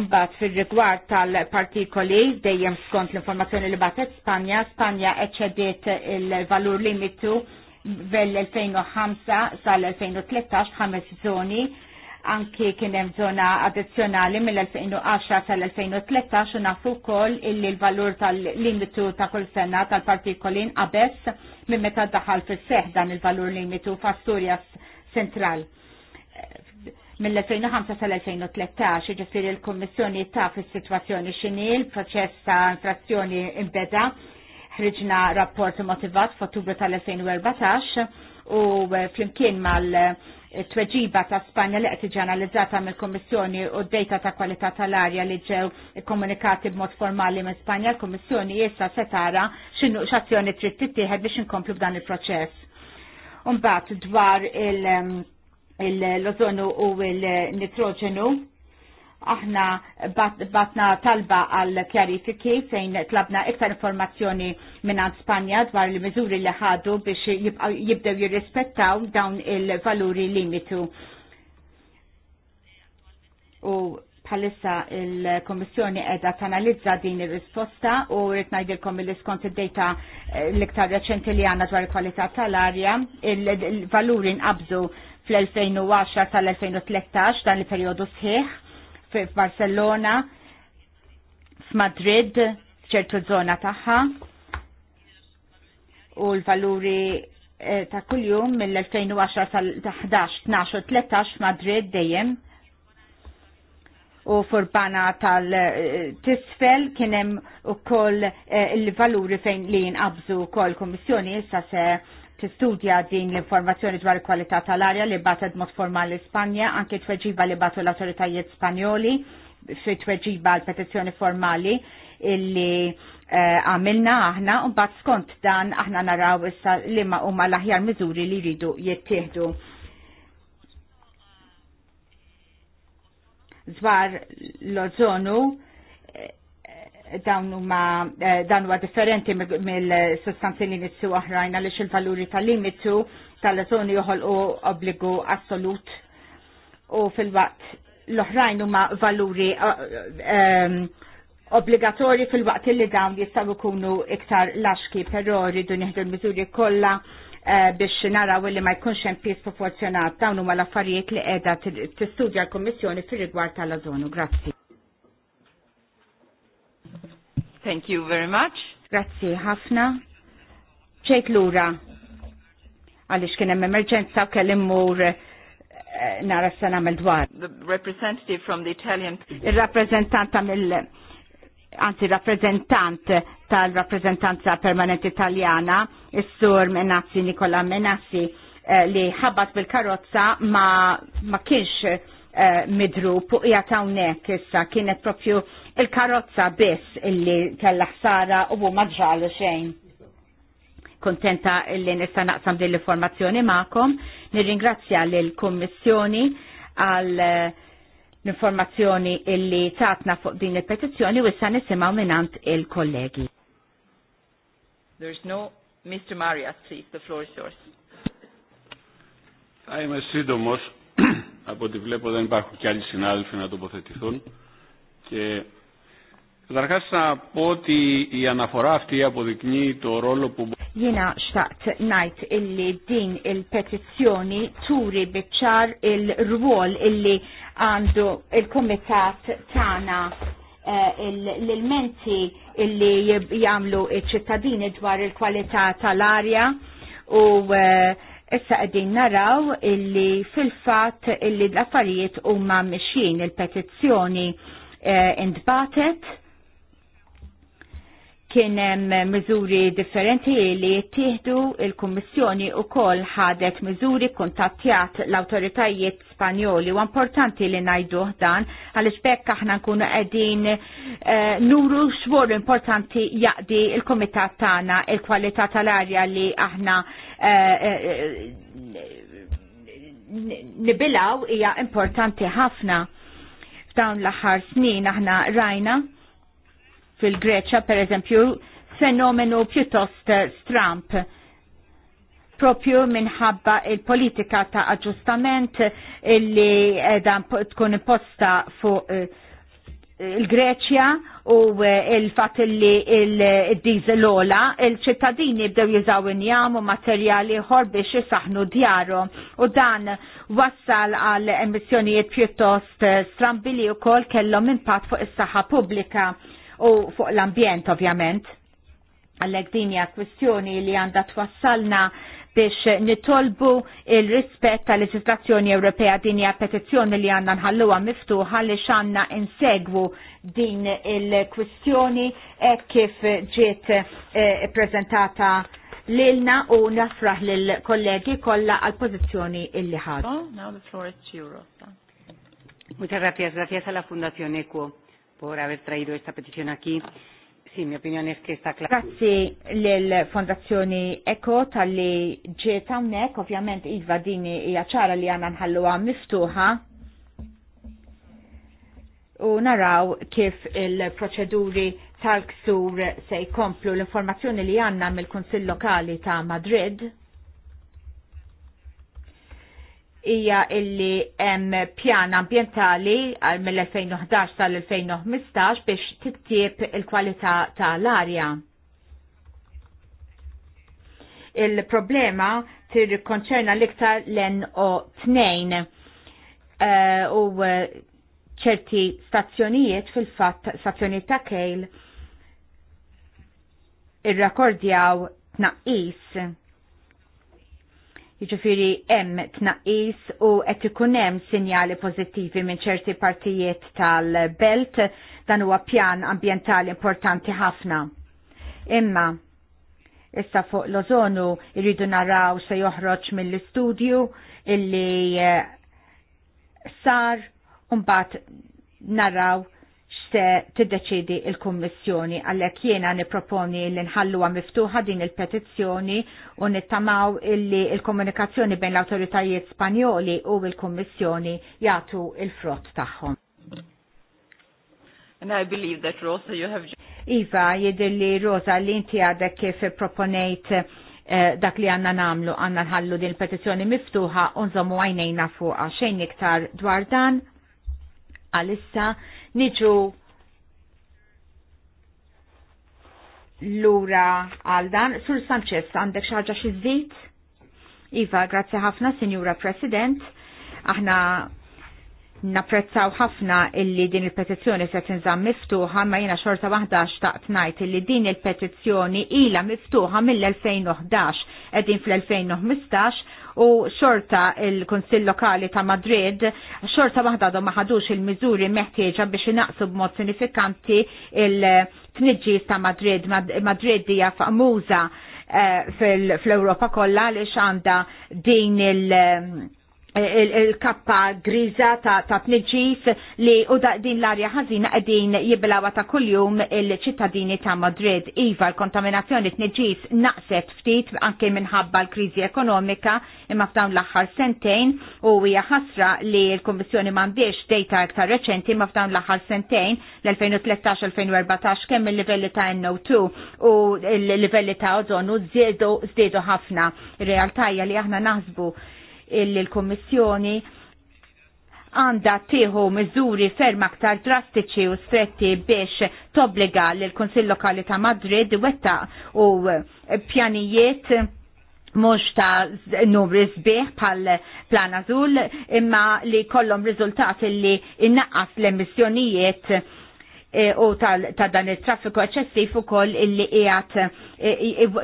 Umbat fil-rigward tal-partikoli, dejjem skont l-informazzjoni li batet Spanja, Spanja eċċediet il-valur limitu vel-2005 sal-2013 ħames zoni anki kien hemm żona addizzjonali mill-2010 tal-2013 u nafu wkoll illi l-valur tal-limitu ta' kull sena tal-partikoli inqabes minn meta daħal fis-seħ dan il-valur limitu f'Asturja Central mill-2005 tal-2013 ġifiri l-Kommissjoni ta' fis-sitwazzjoni x'inhi l-proċess ta' infrazzjoni imbeda ħriġna rapport motivat f'Ottubru tal-2014 u flimkien mal tweġiba ta' Spanja li qed tiġi analizzata mill-Kummissjoni u d-data ta' kwalità tal-arja li ġew komunikati b'mod formali minn Spanja, l-Kummissjoni issa se tara x'azzjoni trid tittieħed biex inkomplu b'dan il-proċess. Umbagħad dwar il mm, ozonu u l-nitroġenu aħna batna talba għal kjarifiki fejn tlabna iktar informazzjoni minn għand Spanja dwar li miżuri li ħadu biex jibdew jirrispettaw dawn il-valuri limitu. U bħalissa il-Komissjoni edha tanalizza din ir-risposta u rritnajdilkom il skont id-data eh, l-iktar reċenti li għandna dwar il-kwalità tal-arja, il-valuri nqabżu fl-2010 tal-2013 dan il periodu sħiħ f'Barcelona, f'Madrid, f'ċertu zona tagħha u l-valuri eh, ta' kuljum mill-2010 tal-11, 12, 13 Madrid dejjem u furbana tal-tisfel kienem u koll eh, il-valuri fejn li jinqabżu koll kommissjoni issa se tistudja din l-informazzjoni dwar il-kwalità tal-arja li batet mod formali l-Ispanja, anke tweġiba li batu l-autoritajiet Spanjoli fi tweġiba l-petizzjoni formali illi eh, għamilna uh, aħna u bat skont dan aħna naraw issa li ma huma l-aħjar miżuri li jridu jittieħdu. Zwar l-ozonu dawn huma eh, dan huwa differenti mill-sostanzi nitsu oħrajn għaliex il-valuri tal-limitu tal-ozoni joħolqu obbligu assolut u fil-waqt l-oħrajn huma valuri eh, eh, obbligatorji fil-waqt li dawn jistgħu jkunu iktar laxki però rridu nieħdu l-miżuri kollha biex naraw li ma jkunx hemm pies proporzjonat dawn huma l-affarijiet li qiegħda tistudja l-Kummissjoni fir-rigward tal-ozonu. Grazzi. Thank you very much. Grazzi ħafna. Ċejt lura għaliex kien hemm emerġenza u kellim mur eh, nara se nagħmel dwar. The representative from the Italian Il-rappreżentanta mill anzi rappresentant tal-rappresentanza permanenti italjana, is-sur Menassi Nikola Menassi eh, li ħabbat bil-karozza ma, ma kienx eh, midru puqija ta' hawnhekk issa kienet propju il-karozza biss illi kella ħsara u bu maġġalu xejn. Kontenta illi nista naqsam dill l-informazzjoni ma'kom. Nirringrazzja l-Kommissjoni għal eh, l-informazzjoni illi tatna fuq din il-petizzjoni u issa nisimaw minant il-kollegi. There's no Mr. Marias, please, the floor is yours. Θα είμαι σύντομος από ό,τι βλέπω δεν υπάρχουν και άλλοι συνάδελφοι να τοποθετηθούν και Καταρχάς να πω ότι η αναφορά αυτή αποδεικνύει το ρόλο που Jina xtaqt najt illi din il-petizzjoni turi biċċar il-rwol illi għandu il-komitat tana eh, l-elementi illi jamlu iċ-ċittadini dwar il-kwalità tal-arja u eh, issa qegħdin naraw illi fil-fatt illi l-affarijiet huma mixjin il-petizzjoni eh, intbatet kien hemm miżuri differenti li jittieħdu il-Kummissjoni wkoll ħadet miżuri kuntattjat l-awtoritajiet Spanjoli u importanti li ngħidu dan għaliex bekk aħna nkunu qegħdin uh, nuru xwor importanti jaqdi il-Kumitat tagħna il-kwalità tal-arja li aħna eh, eh, nibilaw hija importanti ħafna f'dawn l-aħħar snin aħna rajna fil-Greċa, per eżempju, fenomenu pjuttost stramp propju minħabba il-politika ta' aġġustament illi dan tkun imposta fuq eh, il-Greċja u eh, il-fat li il-dizel ola, il-ċittadini bdew jużaw injam u materjali ħor biex jisaħnu djaru u dan wassal għal emissjonijiet pjuttost strambili u kol kellhom impatt fuq is-saħħa pubblika u fuq l-ambjent ovvjament. Għallek dinja kwestjoni li għanda twassalna biex nitolbu il-rispett tal leġislazzjoni Ewropea din hija petizzjoni li għandna nħalluha miftuħa li xanna insegwu din il-kwistjoni hekk kif ġiet e, prezentata lilna u nafraħ lill kollegi kollha għal pożizzjoni illi ħadu. Oh, Muchas gracias, gracias a la Fundazione ECO por aver traído esta petición aquí. Sì, mi opinjoni es que sta clara. Grazie l-Fondazzjoni Eko tal-li ġiet hawnhekk, ovvjament Iva din hija ċara li għandna nħalluha miftuħa. U naraw kif il-proċeduri tal-ksur se jkomplu l-informazzjoni li għandna mill-Kunsill Lokali ta' Madrid hija illi hemm pjan ambjentali għal mill-2011 tal-2015 biex tittieb il-kwalità tal-arja. Il-problema konċerna l-iktar o 2 eh, u eh, ċerti stazzjonijiet fil-fatt stazzjonijiet ta' kejl irrakordjaw tnaqqis Jiġifieri hemm tnaqqis u qed ikun hemm sinjali pożittivi minn ċerti partijiet tal-belt dan huwa pjan ambjentali importanti ħafna. Imma issa fuq l-ożonu irridu naraw se joħroġ mill-istudju illi eh, sar u mbagħad naraw se tiddeċidi il-Kummissjoni għalhekk jiena nipproponi li nħalluha miftuħa din il-petizzjoni u nittamaw illi il-komunikazzjoni bejn l-awtoritajiet Spanjoli u l-Kummissjoni jagħtu il-frott tagħhom. And I believe that Rosa you have Iva, jidilli Rosa li inti għadek kif proponejt eh, dak li għanna namlu għanna nħallu din petizjoni miftuħa unżomu għajnejna fuqa xejn iktar dwar dan għalissa niġu lura għal dan. Sur Sanchez, għandek xaġa xizzit? Iva, grazzi ħafna, Signora President. Aħna napprezzaw ħafna illi din il-petizzjoni se tinżamm miftuħa ma jiena xorta waħda xtaqt ngħid illi din il-petizzjoni ilha miftuħa mill-2011 qegħdin fl-2015 u xorta il konsil Lokali ta' Madrid xorta waħda ma ħadux il-miżuri meħtieġa biex inaqsu b'mod sinifikanti il- tniġġis ta' Madrid, Madrid hija famuża eh, fil-Ewropa kollha għaliex għandha din il- il-kappa griża ta', ta tniġis li u din l-arja ħażina qegħdin jibilawa ta' kuljum il-ċittadini ta' Madrid. Iva l-kontaminazzjoni tniġis naqset ftit anke minħabba l-kriżi ekonomika imma f'dawn l-aħħar sentejn u hija ħasra li l-Kummissjoni m'għandix data iktar reċenti imma f'dawn l-aħħar sentejn l-2013-2014 kemm il-livelli ta' NO2 u l-livelli ta' ozonu żdiedu ħafna. Ir-realtajja li aħna naħsbu illi l-Kommissjoni għanda tieħu miżuri ferm aktar drastiċi u stretti biex tobbliga l kunsill Lokali ta' Madrid wetta u pjanijiet mux ta' numri sbieħ pal plan azul imma li kollom riżultati li innaqqas l-emissjonijiet E, u ta' dan il-traffiku eċessiv ukoll illi qiegħed e,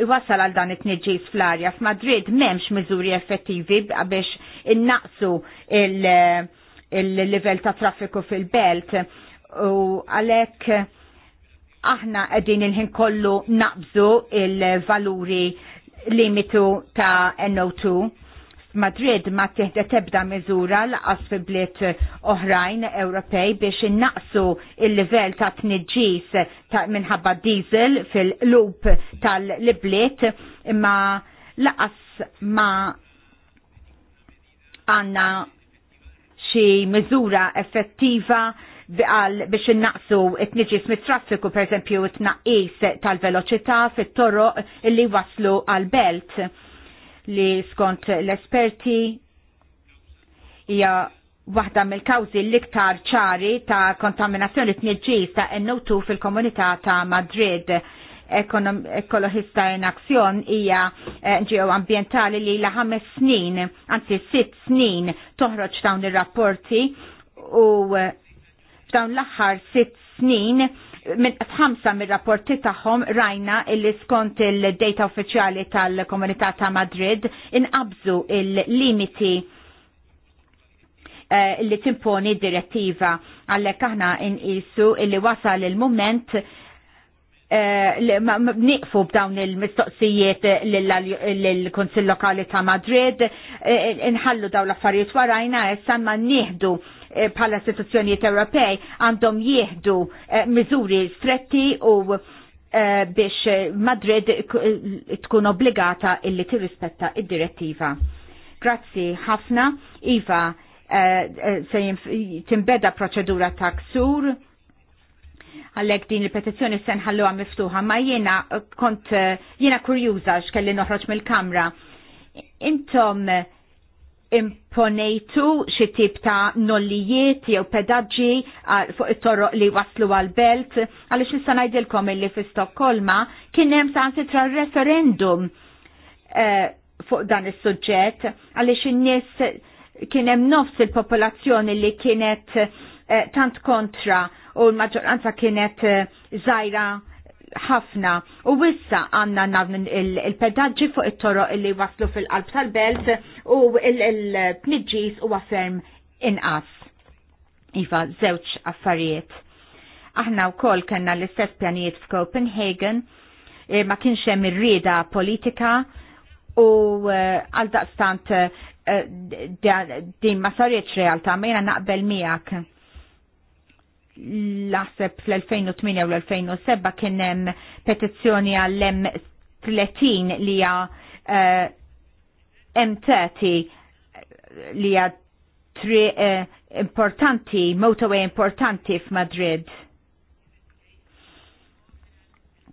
iwassal għal dan it-tniġġis fl-arja. F'Madrid m'hemmx miżuri effettivi biex innaqsu il-livell ta' traffiku fil-belt u għalhekk aħna qegħdin il-ħin kollu naqbżu il-valuri limitu ta' NO2 Madrid ma tieħdet tebda miżura laqas fi bliet oħrajn Ewropej biex innaqsu il-livell ta' tniġġis minħabba diesel fil lup tal libliet imma laqas ma għanna xi miżura effettiva biex innaqsu it niġis mit-traffiku, per eżempju, it-naqis tal-veloċità fit-toroq illi waslu għal-belt li skont l-esperti hija waħda mill-kawzi l-iktar ċari ta' kontaminazzjoni t-nġis ta' NO2 fil-komunità ta' Madrid. Ekologista in azzjon hija NGO eh, ambientali li la ħames snin, anzi sitt snin, toħroġ dawn ir-rapporti u eh, f'dawn l-aħħar sitt snin minn ħamsa mir-rapporti tagħhom rajna illi skont il-data uffiċjali tal-Komunità ta' Madrid inqabżu il-limiti eh, li timponi direttiva għallek aħna inqisu illi wasal il-moment eh, niqfu b'dawn il-mistoqsijiet l-Konsil Lokali ta' Madrid, eh, inħallu daw l-affarijiet warajna, issa ma nieħdu Eh, bħala istituzzjonijiet Ewropej għandhom jieħdu eh, miżuri stretti u eh, biex Madrid tkun obbligata illi tirrispetta id-direttiva. Grazzi ħafna, Iva, se timbeda proċedura ta' ksur għallek din il-petizjoni senħallu għam miftuħa, ma jena kont jena kurjuza x'kelli noħroġ mill-kamra. Intom imponejtu xi tip ta' nollijiet jew pedaġġi fuq it-toroq li waslu għal belt għaliex issa ngħidilkom illi fi Stokkolma kien hemm tra referendum eh, fuq dan is-suġġett għaliex in-nies kien hemm nofs il-popolazzjoni li kienet eh, tant kontra u l-maġġoranza kienet zajra eh, żajra ħafna u wissa għanna navn il-pedaġġi fuq it-toro li waslu fil-qalb tal-belt u il-pniġġis u għafferm inqas. Iva, zewċ affarijiet. Aħna u kol kena l-istess pjanijiet f'Copenhagen, e, ma kienx hemm ir-rieda politika u e, għal daqstant e, din ma sarriċ realtà ma jena naqbel miegħek laħseb fl-2008 u l-2007 kien hemm petizzjoni għall-M 30 li għa eh, M30 li hija tri eh, importanti, motorway importanti f'Madrid.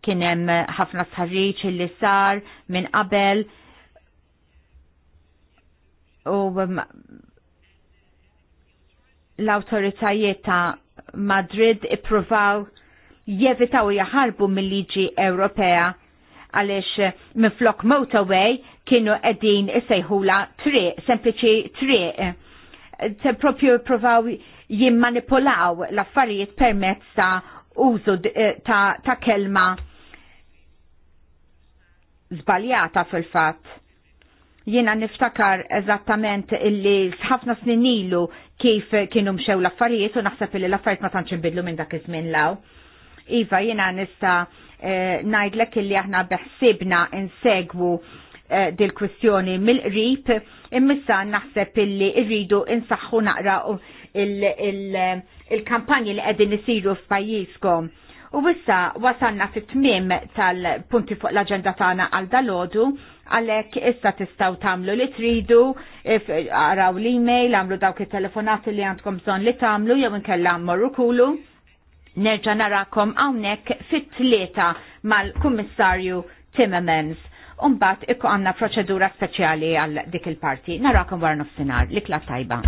Kien hemm ħafna sħarriċ li sar minn qabel u mm, l-autoritajiet ta' Madrid ippruvaw jevitaw jaħarbu mill-liġi Ewropea għalix minflok motorway kienu edin sejħula triq, sempliċi triq. Propju provaw jimmanipulaw l-affarijiet permezz ta' użu eh, ta', ta kelma zbaljata fil-fat. Jiena niftakar eżattament illi ħafna snin ilu kif kienu mxew l-affarijiet u naħseb li l-affarijiet ma tantx inbidlu minn dak iż-żmien law. Iva, jiena nista' eh, ngħidlek illi aħna beħsibna insegwu eh, dil-kwistjoni mill-qrib, immissa naħseb illi rridu insaħħu naqra il-kampanji li qegħdin isiru f'pajjiżkom. U wissa wasanna fit-tmiem tal-punti fuq l-aġenda tagħna għal dalodu għalhekk issa tistgħu tagħmlu li tridu, għaraw l-email, għamlu dawk it-telefonati li għandkom bżonn li tagħmlu jew inkella mmorru kulu. Nerġa' narakom hawnhekk fit-tlieta mal-Kummissarju Timmermans. Umbat ikku għanna proċedura speċjali għal dik il-parti. Narakom war nofsinar, likla tajba.